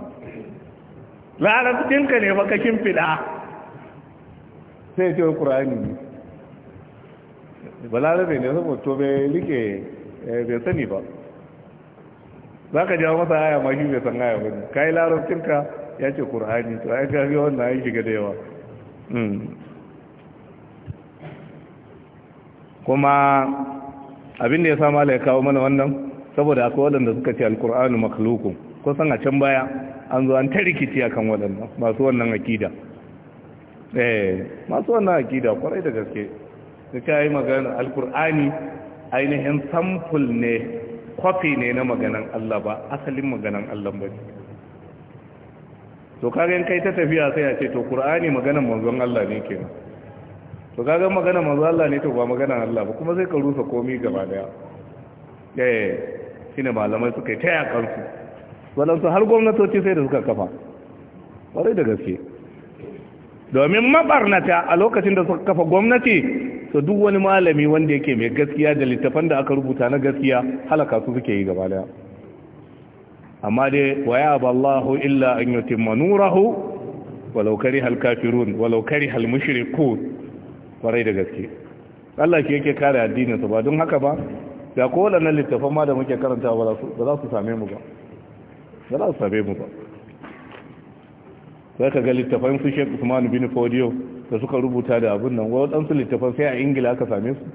larabcinka ne baka kin fida sai ce ƙura'ani balarabe ne saboda to bai rike eh, bai sani ba za ka jawo masa aya ma shi bai san aya ba ka yi larabcinka ya ce ƙura'ani to ga yawan wannan yi shiga da yawa hmm. kuma abin da ya sa mala ya kawo mana wannan saboda akwai waɗanda suka ce alkur'anu makhluqun kusan a can baya an zo an ta rikici akan waɗanda masu wannan akida eh masu wannan akida kwarai da gaske da ka yi magana alkur'ani ainihin samfil ne kwafi ne na maganan Allah ba asalin maganan Allah ba ne to kagen kai ta tafiya sai a ce to qur'ani maganan manzon Allah ne kenan to kagen maganan manzon Allah ne to ba maganan Allah ba kuma sai ka rusa komai gaba daya eh shine malamai suka yi taya kansu wadansu har gwamnatoci sai da suka kafa kwarai da gaske domin mabarnata a lokacin da suka kafa gwamnati to duk wani malami wanda yake mai gaskiya da littafan da aka rubuta na gaskiya halaka su suke yi gaba daya amma dai wa ya ballahu illa an yutimma nurahu walau hal kafirun walau hal mushrikun kwarai da gaske Allah ke yake kare addinin su ba don haka ba ga kowalannan littafan ma da muke karanta ba za su same mu ba ba za su same mu ba sai ka ga littafan su shek usman bin fodiyo da suka rubuta da abin nan waɗansu littafan sai a ingila aka same su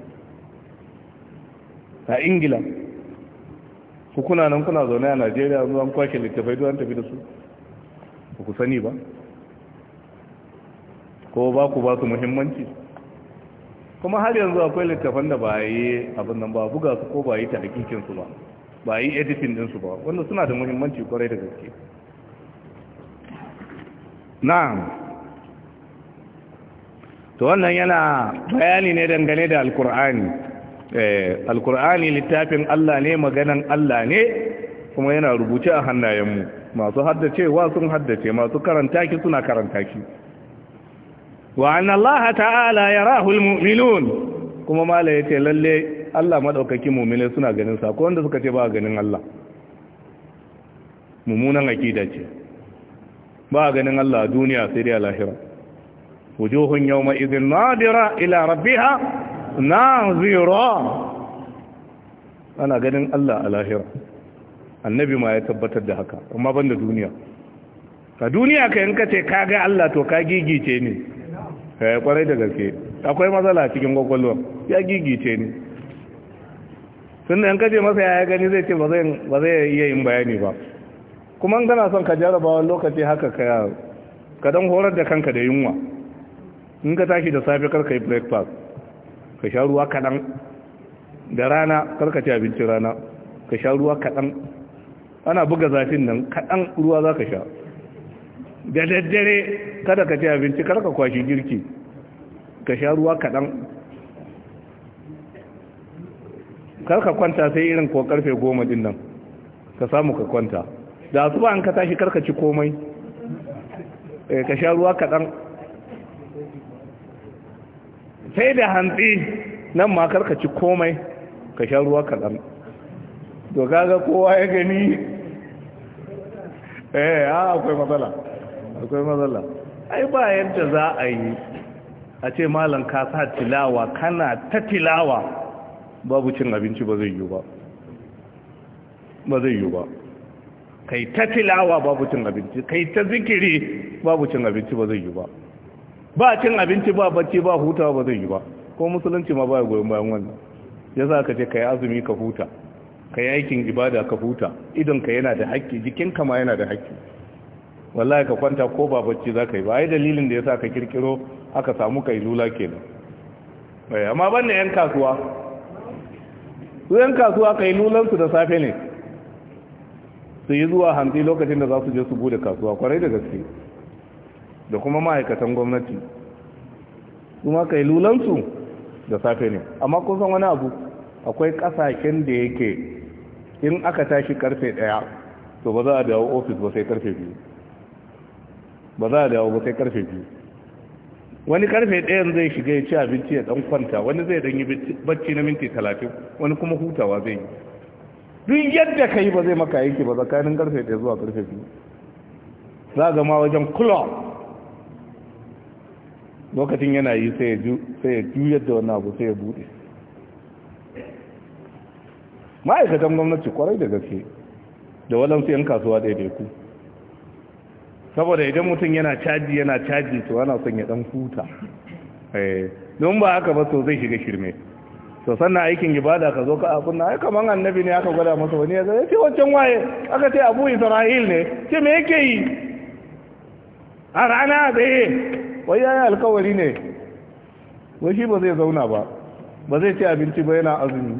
a ingila ku kuna nan kuna zaune a najeriya zuwa kwashe littafai don tafi da su ba ku sani ba ko ba ku ba su muhimmanci kuma har yanzu akwai littafan da ba a yi abin nan ba buga su ko ba a yi ta hakikinsu ba ba yi editin ɗinsu ba wanda suna da muhimmanci kwarai da gaske na'am to wannan yana bayani ne dangane da alkur'ani eh, alkur'ani littafin Allah ne maganan Allah ne kuma yana rubuce a hannayenmu masu haddacewa sun haddace masu karanta ki suna karanta ki wa annallaha ta'ala yarahu almu'minun kuma malai yace lalle Allah madaukakin mu'mini suna ganin sa ko wanda suka ce ba ganin Allah mumunan akida ce ba a ganin Allah a duniya sai dai a lahira wujuhun yawma idhin nadira ila rabbiha zira ana ganin Allah a lahira annabi ma ya tabbatar da haka amma banda duniya ka duniya ka yanka ce ka ga Allah to ka gigice ne yi eh, kwarai da gaske akwai matsala cikin kwakwalwa ya gigice ne da yanka ce masa ya gani zai ce ba zai iya yin bayani ba kuma in kana son ka jarabawa lokaci haka ka ka dan horar da kanka da yunwa in ka tashi da safe kar ka yi breakfast ka sha ruwa kaɗan da rana kar ka ci abinci rana ka sha ruwa kaɗan ana buga zafin nan kaɗan ruwa za ka sha da daddare kada ka ci abinci kar ka kwashi girki ka sha ruwa kaɗan kar ka kwanta sai irin ko karfe goma din nan ka samu ka kwanta da zuwa ba an ka tashi karkaci komai eh, ka sha ruwa kaɗan sai da hantsi nan ma karkaci komai ka sha ruwa kaɗan to kaga kowa ya gani eh a akwai matsala akwai matsala ai ba yadda za a yi a ce malam ka sa tilawa kana ta tilawa babu cin abinci ba zai yi ba ba zai yi ba kai ta tilawa babu cin abinci kai ta zikiri babu cin abinci ba zai yi ba ba cin abinci ba bacci ba hutawa ba zai yi ba ko musulunci ma ba ya goyon bayan wannan ya za ka ce ka yi azumi ka huta ka yi aikin ibada ka huta idonka yana da haƙƙi jikinka ma yana da haƙƙi wallahi ka kwanta ko ba bacci za ka yi ba ai dalilin da ya sa ka kirkiro aka samu kailula kenan eh, amma ban da 'yan kasuwa su 'yan kasuwa lulansu da safe ne su yi zuwa hantsi lokacin da za su je su bude kasuwa kwarai da gaske da kuma ma'aikatan gwamnati su ma kai lulansu da safe ne amma kun san wani abu akwai kasashen da yake in aka tashi karfe daya to ba za a dawo ofis ba sai karfe biyu ba za a dawo ba sai karfe biyu wani karfe ɗayan zai shiga ya ci abinci ya ɗan kwanta wani zai ɗan yi bacci na minti talatin wani kuma hutawa zai yi duk yadda ka yi ba zai maka aiki ba tsakanin karfe ɗaya zuwa karfe biyu za a zama wajen kulon lokacin yana yi sai ya juyar da wannan abu sai ya bude ma'aikatan gwamnati kwarai da gaske da waɗansu 'yan kasuwa ku saboda idan mutum yana caji yana caji to ana son ya ɗan huta eh, domin ba haka ba so zai shiga shirme to sanna aikin ibada ka zo ka a kunna ai kaman annabi ne aka gwada masa wani ya ce wancan waye aka ce abu isra'il ne ce me yake yi a rana tsaye wai ya yi alkawari ne wai shi ba zai zauna ba ba zai ci abinci ba yana azumi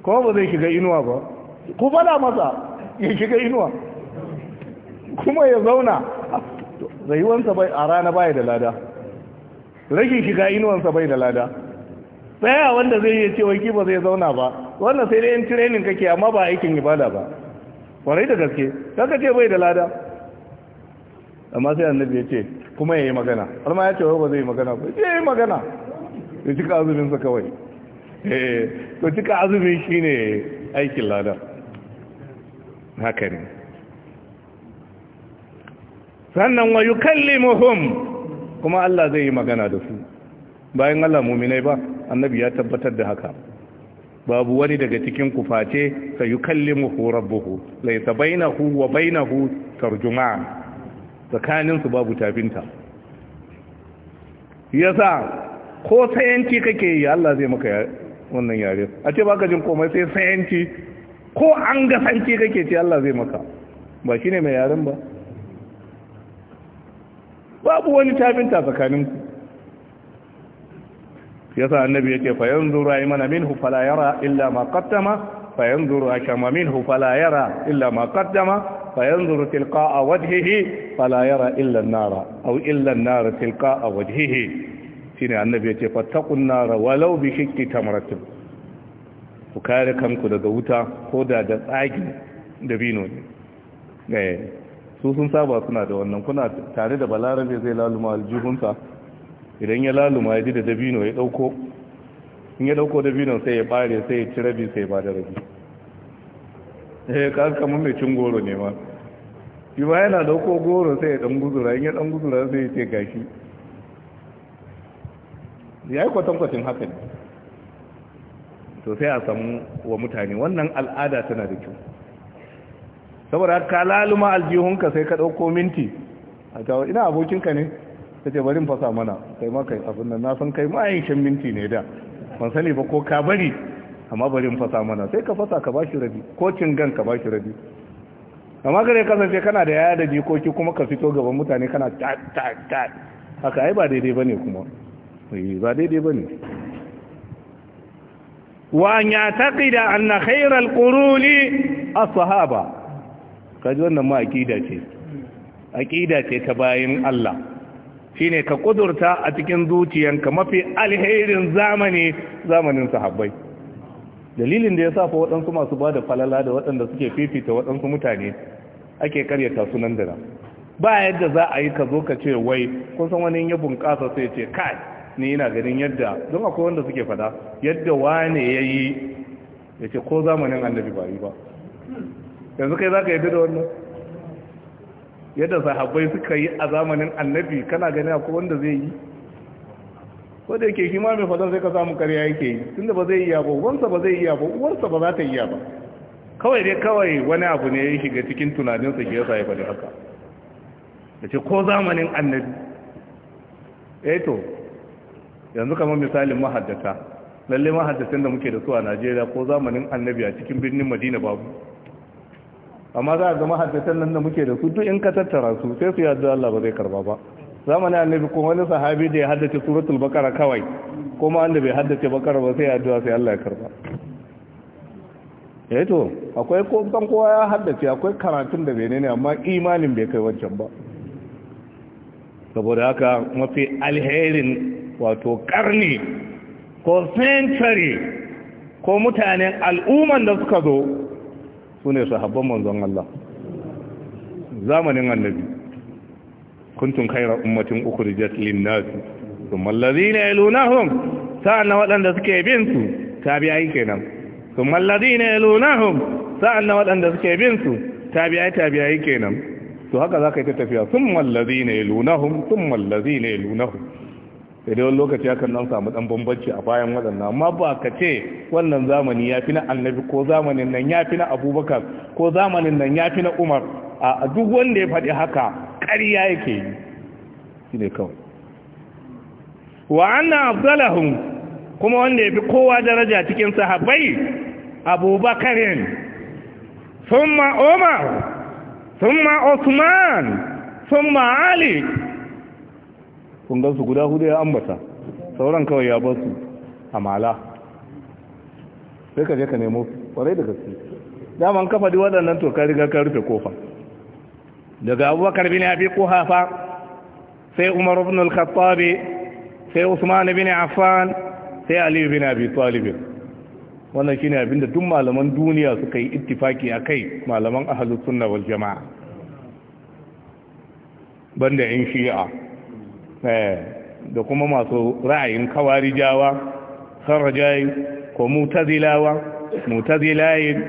ko ba zai shiga inuwa ba ku fada masa ya shiga inuwa kuma ya zauna rayuwansa bai a rana bai da lada rashin shiga inuwansa bai da lada baya wanda zai yi cewa ki ba zai zauna ba wannan sai dai yin training kake amma ba aikin ibada ba kwarai da gaske kaka ce bai da lada amma sai annabi ya ce kuma yayi magana har ya ce ba zai yi magana ba ya yi magana ya cika azumin sa kawai eh to cika azumin shine aikin lada haka ne sannan wa yukallimuhum kuma Allah zai yi magana da su bayan Allah muminai ba annabi ya tabbatar da haka babu wani daga cikin ku face sai yukallimuhu rabbuhu laysa bainahu wa bainahu tarjuma tsakanin su babu tafinta yasa ko sayanci kake yi Allah zai maka wannan yare a ce baka jin komai sai sayanci ko an ga sanci kake ce Allah zai maka ba shine mai yaren ba babu wani tafinta tsakaninku yasa annabi yake fa yanzuru aymana minhu fala yara illa ma qaddama fa yanzuru ashama minhu fala yara illa ma qaddama fa yanzuru tilqa'a wajhihi fala yara illa an-nara aw illa an-nara tilqa'a wajhihi shine annabi yake yace fattaqun nara walau bi shikki tamratin ku kare kanku daga wuta ko da da tsagi da bino ne eh, su sun saba suna da wannan kuna tare da balarabe zai laluma aljihunsa idan ya laluma ya ji da dabino ya dauko in ya dauko dabinon sai ya bare sai ya ci rabi sai ya da rabi eh ka kamar mai cin goro ne ma shi ba yana dauko goro sai ya dan guzura in ya dan guzura sai ya ce gashi ya yi kwatankwacin haka ne to sai a samu wa mutane wannan al'ada tana da kyau saboda ka laluma aljihunka sai ka dauko minti a ina abokinka ne ta ce bari fasa mana kai ma kai abin nan na san kai shan minti ne da ban sani ba ko ka bari amma bari fasa mana sai ka fasa ka bashi rabi ko gan ka bashi rabi amma kare kasance kana da yaya da jikoki kuma ka fito gaban mutane kana ta ta ta haka ai ba daidai bane kuma eh, ba daidai bane wa an yataqida anna khayral quruni ashabah sahaba kaji wannan ma akida ce akida ce ta bayin Allah shine ka kudurta a cikin zuciyanka mafi alherin zamani zamanin sahabbai dalilin da ya safa waɗansu masu ba da falala da waɗanda suke fifita waɗansu mutane ake karyata sunan da ba yadda za a yi ka zo ka ce wai kun san wani ya bunƙasa sai ce kai ni ina ganin yadda don akwai wanda suke fada yadda wane ya yi ya ce ko zamanin annabi ba yi ba yanzu kai za ka yadda da wannan yadda sahabbai suka yi a zamanin annabi kana gani a wanda zai yi ko da yake ma mai fadar sai ka samu karya yake yi tunda ba zai iya ba uwansa ba zai iya ba uwarsa ba za ta iya ba kawai dai kawai wani abu ne ya shiga cikin tunaninsa ke yasa ya faɗi haka da ce ko zamanin annabi eh to yanzu kamar misalin mahaddata lalle mahaddatan da muke da su a najeriya ko zamanin annabi a cikin birnin madina babu amma za a ga mahaddatan nan da muke da su duk in ka tattara su sai su yadda Allah ba zai karba ba zamanin annabi ko wani sahabi da ya haddace suratul baqara kawai kuma wanda bai haddace baqara ba sai addu'a sai Allah ya karba eh to akwai ko kowa ya haddace akwai karatun da bai ne amma imanin bai kai wancan ba saboda haka mafi alherin wato karni ko century ko mutanen al'umman da suka zo su ne sahabban manzon Allah zamanin annabi kuntum khayra ummatin ukhrijat lin-nas thumma alladhina sa'an na waɗanda suke bin su tabi'ai kenan thumma alladhina sa'an na waɗanda suke bin su tabi'ai tabi'ai kenan to haka za ka yi ta tafiya sun thumma alladhina yalunahum thumma alladhina yalunahum sai dai wani lokaci ya nan samu dan bambanci a bayan waɗannan amma ba ka ce wannan zamani ya fi na annabi ko zamanin nan ya fi na abubakar ko zamanin nan ya fi na umar a duk wanda ya faɗi haka ƙarya yake yi shi ne kawai wa anna afdalahum kuma wanda ya fi kowa daraja cikin sahabbai abubakarin sun umar thumma usman thumma ali kun su guda hudu ya ambata sauran kawai ya basu a mala sai ka je ka nemo kwarai da gaske daman kafa di waɗannan to ka riga ka rufe kofa daga abubakar bin abi kuhafa sai umar ibn al-khattab sai usman bin affan sai ali bin abi talib wannan shine abinda duk malaman duniya suka yi ittifaki akai malaman ahlus sunna wal jamaa banda in shi'a Eh, da kuma masu ra'ayin kawarijawa sarrajayi ko mutazilawa mutazilaye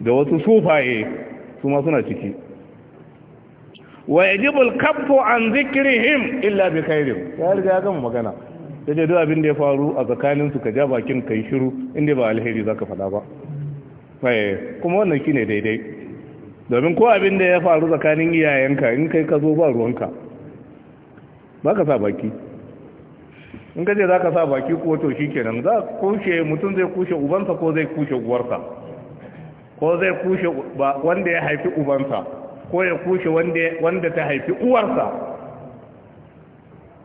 da wasu sufaye su ma suna ciki wa yajibul kaffu an zikrihim illa bi khairin ya riga ga gama magana Yaje duk abin da ya faru a tsakanin su ka ja bakin kai shiru inda ba alheri zaka faɗa ba eh, kuma wannan shine daidai domin ko abin da ya faru tsakanin iyayenka in kai ka zo ba ruwanka ba ka sa baki in ka ce za ka sa baki ko to shi kenan za kushe mutum zai kushe ubansa ko zai kushe uwarsa ko zai kushe wanda ya haifi ubansa ko ya kushe wanda ta haifi uwarsa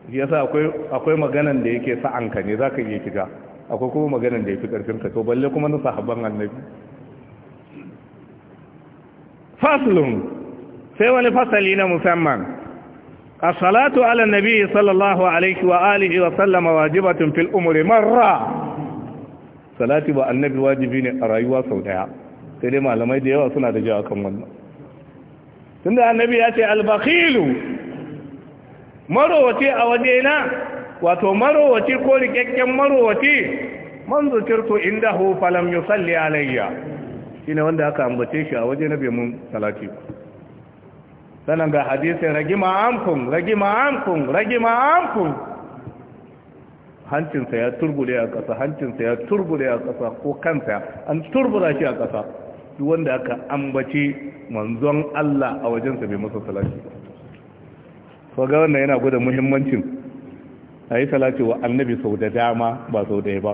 ya sa akwai maganan da yake sa'anka ne za ka iya shiga akwai kuma maganan da ya fi ka to balle kuma na sahabban annabi faslun sai wani fasali na musamman A salatu ala nabi sallallahu wa alihi wa sallama wajibatun fil umri marra salati ba annabi wajibi ne a rayuwa sau daya sai dai malamai da yawa suna da jawa wannan tunda annabi ya ce al-bakhilu marowace a wajena wato marowace ko rikakken marowace man zukirtu indahu falam yusalli alayya ne wanda aka ambace shi a waje na bai mun salati ba sannan ga hadisin ragi ma'amkun ragi ma'amkun ragi ma'amkun hancinsa ya turbule a ƙasa hancinsa ya turbule a ƙasa ko kansa an turbula shi a ƙasa duk wanda aka ambaci manzon Allah a wajensa bai masa salati so ga wannan yana gwada muhimmancin a yi salati wa annabi sau da dama ba sau ɗaya ba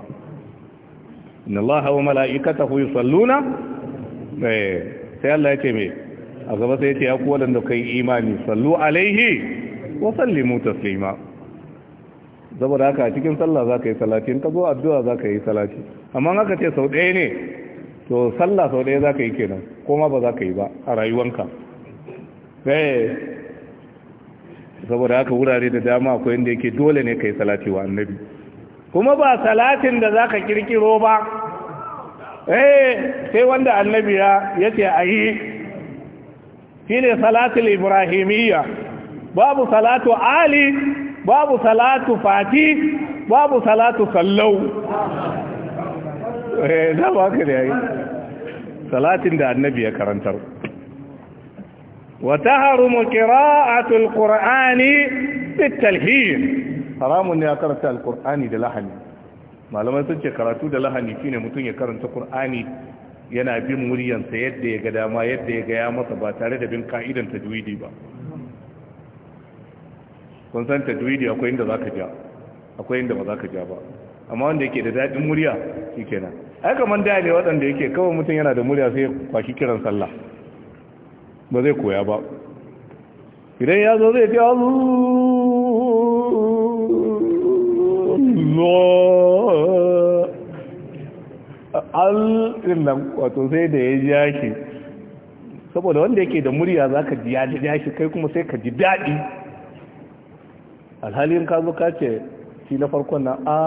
inna Allah wa mala'ikatahu yusalluna eh sai Allah ya ce me a gaba sai ce ya kuwa da kai imani sallu alaihi wa sallimu taslima saboda haka a cikin sallah za ka yi salati in ka zo addu'a za ka yi salati amma haka ce sau ɗaya ne to sallah sau ɗaya za ka yi kenan ko ma ba za ka yi ba a rayuwanka eh saboda haka wurare da dama akwai inda yake dole ne ka yi salati wa annabi kuma ba salatin da za ka kirkiro ba eh sai wanda annabi ya ce a yi shine salatul ibrahimiyya babu salatu ali babu salatu fati babu salatu sallau eh da ba ka da yayi salatin da annabi ya karantar wa tahrumu qira'atu alqur'ani bitalhin haramun ne ya karanta alqur'ani da lahani malamai sun ce karatu da lahani shine mutum ya karanta qur'ani yana bin muryansa yadda ya ga dama yadda ya gaya masa ba tare da bin ka'idan tajwidi ba kun san tajwidi akwai inda za ka ja akwai inda ba za ka ja ba amma wanda yake da daɗin murya shi kenan ai kamar da ne waɗanda yake kawai mutum yana da murya sai kwashi kiran sallah ba zai koya ba idan ya zo zai fi Allah al'in nan wato sai da ya ja shi saboda wanda yake da murya za ka ji ja kai kuma sai ka ji daɗi alhalin ka zo ka ce shi na farkon na a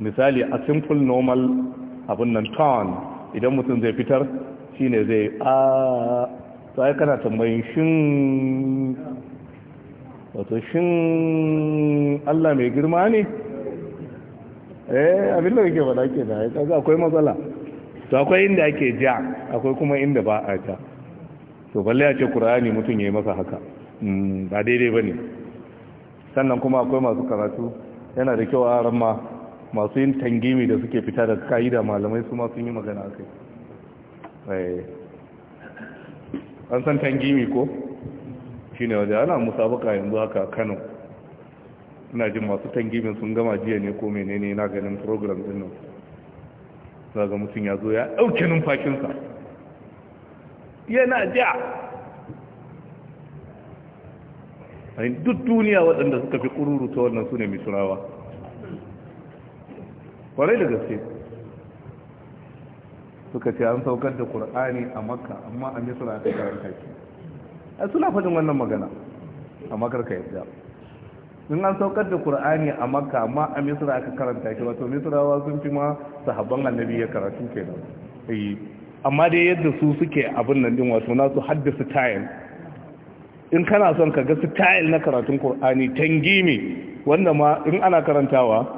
misali a simple normal abin nan ton idan mutum zai fitar shi ne zai a sai kana tambayin shin wato shin Allah mai girma ne eh abin da kake faɗa ke da ya kaga akwai matsala to akwai inda ake ja akwai kuma inda ba a ja to balle a ce qur'ani mutum yayi masa haka hmm, ba daidai bane sannan kuma akwai masu karatu yana da kyau a ramma masu yin tangimi da suke fita da kaida malamai su ma sun yi magana akai eh an san tangimi ko shine waje ana musabaka yanzu haka Kano ina jin masu tangi min sun gama jiya ne ko menene na ganin program din nan za ga mutum ya zo ya ɗauke numfashinsa yana ja a duk duniya waɗanda suka fi ta wannan su ne misurawa ƙwarai da gaske suka ce an saukar da ƙur'ani a makka amma a misura ta karanta shi a suna faɗin wannan magana a makarka yadda in an saukar da qur'ani a makka amma a misra aka karanta shi wato misrawa sun fi ma sahabban annabi ya karatu kenan eh, amma dai yadda su suke abin nan din wato na su haddasa tayin in kana son ka ga style na karatun qur'ani tangimi wanda ma in ana karantawa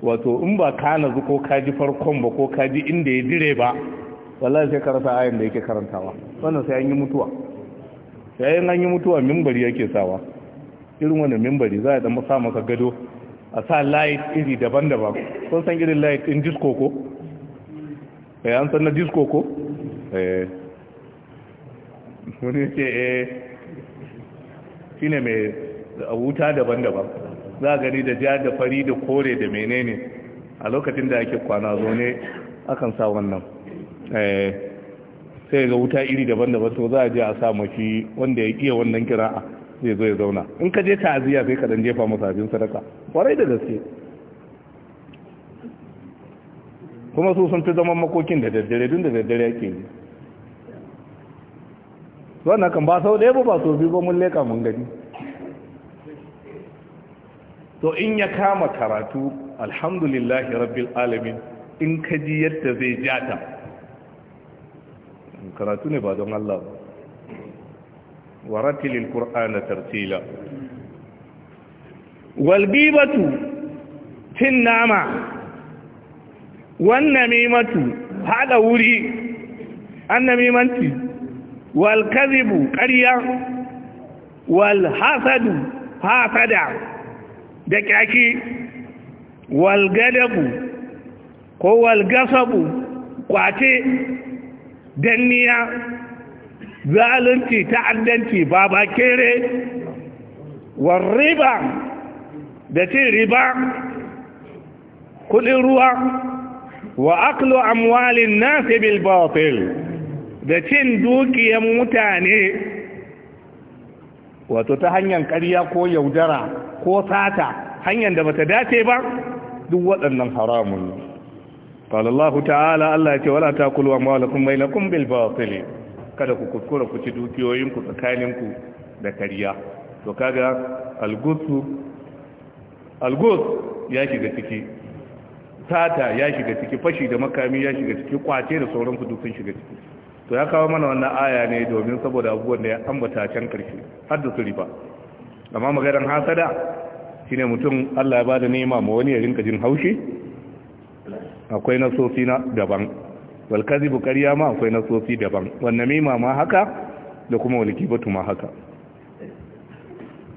wato in ba ka nazu ko ka ji farkon ba ko ka ji inda ya dire ba wallahi sai karanta ayin da yake karantawa wannan sai an yi mutuwa sai an yi mutuwa minbari yake sawa irin wani mimbari za a damu sa ka gado a sa light iri daban-daban sun san irin light in disco ko eh an san na disco ko eh wani ce eh shine mai wuta daban-daban za a gani da ja da fari da kore da menene a lokacin da ake kwana zo ne akan sa wannan eh sai ga wuta iri daban-daban to za a je a sa mafi wanda ya iya wannan kira'a zai zo ya zauna in ka je ta'aziyya sai ka dan jefa masa abin sadaka kwarai da gaske kuma su sun fi zaman makokin da daddare dun da daddare yake yi wannan kan ba sau ɗaya ba ba sau biyu ba mun leka mun gani to in ya kama karatu alhamdulillahi rabbil alamin in ka ji yadda zai jata karatu ne ba don Allah ba wa ratilil qur'ana tartila wal cin nama wan namimatu hada wuri an namimanci wal kadhibu qarya wal hasadu hasada da ƙyaki. wal gadabu ko wal gasabu kwate danniya zalunci ta'addanci ba kere war riba da cin riba kudin ruwa wa aklu amwalin nasi bil batil da cin dukiyan mutane wato ta hanyar ƙarya ko yaudara ko sata hanyar da bata dace ba duk waɗannan haramun ne قال الله تعالى الله يقول na تاكلوا اموالكم wa fili. kada ku kuskura ku ci dukiyoyinku tsakaninku da kariya to kaga algusu algus ya shiga ciki sata ya shiga ciki fashi da makami ya shiga ciki kwace da sauran duk sun shiga ciki to ya kawo mana wannan aya ne domin saboda abubuwan da ya ambata can karshe har da su riba amma maganar hasada shine mutum Allah ya bada nema ma wani ya rinka jin haushi akwai nasosi na daban wal kadhibu ma akwai nasosi daban wannan namima ma haka da kuma wal ma haka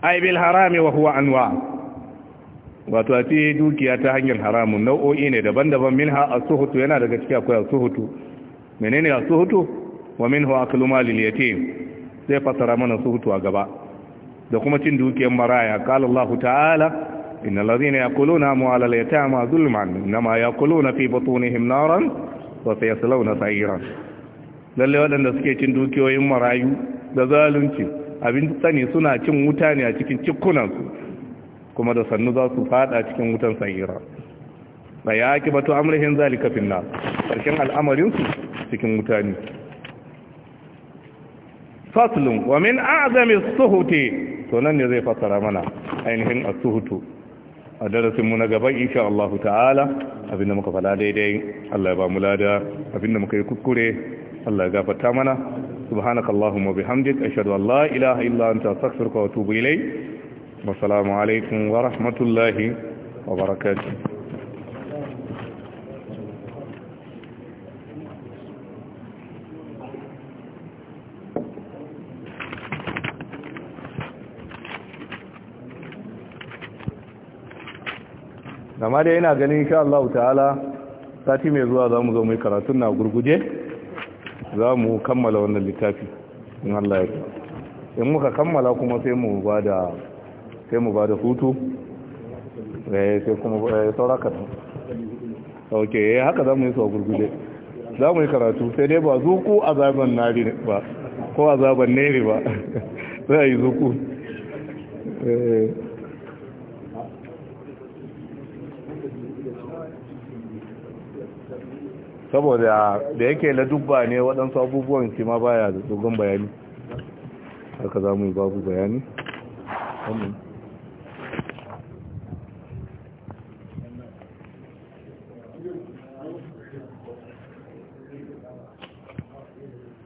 Aibil harami wa huwa anwa wato a ce dukiya ta hanyar haramun nau'o'i ne daban-daban minha as-suhutu yana daga cikin akwai as-suhutu menene as-suhutu wa minhu aklu malil yatim zai fasara mana suhutu a gaba da kuma cin dukiyar maraya qala Allah ta'ala innal ladhina yaquluna amwala al-yatama zulman inma yaquluna fi butunihim naran wa na sa'ira lalle waɗanda suke cin dukiyoyin marayu da zalunci abin sani suna cin wuta ne a cikin cikunansu kuma da sannu za su fada cikin wutan sa'ira da ya ki batu amurhin zalikafin na ƙarshen al'amarinsu cikin wuta ne faslun wa min a'zami suhute to nan ne zai fasara mana ainihin a suhutu a darasinmu na gaba insha Allah ta'ala abinda muka fada daidai Allah ya ba mu lada abinda muka yi kuskure Allah ya gafarta mana subhanakallahumma bihamdik ashhadu an la ilaha illa anta astaghfiruka wa atubu ilayk wa assalamu alaikum wa rahmatullahi wa barakatuh amma dai ina ganin insha Allah ta'ala sati mai zuwa za mu zo mai karatun na gurguje za mu kammala wannan littafi in Allah ya in muka kammala kuma sai mu ba da sai mu da hutu eh sai kuma eh, sauraka okay eh, haka mu yi su gurguje za mu yi karatu sai dai ba zuku azaban nari ba ko azaban nere ba sai yi zuku eh saboda da yake la dubba ne waɗansu abubuwan shi ma baya da dogon bayani haka za mu yi babu bayani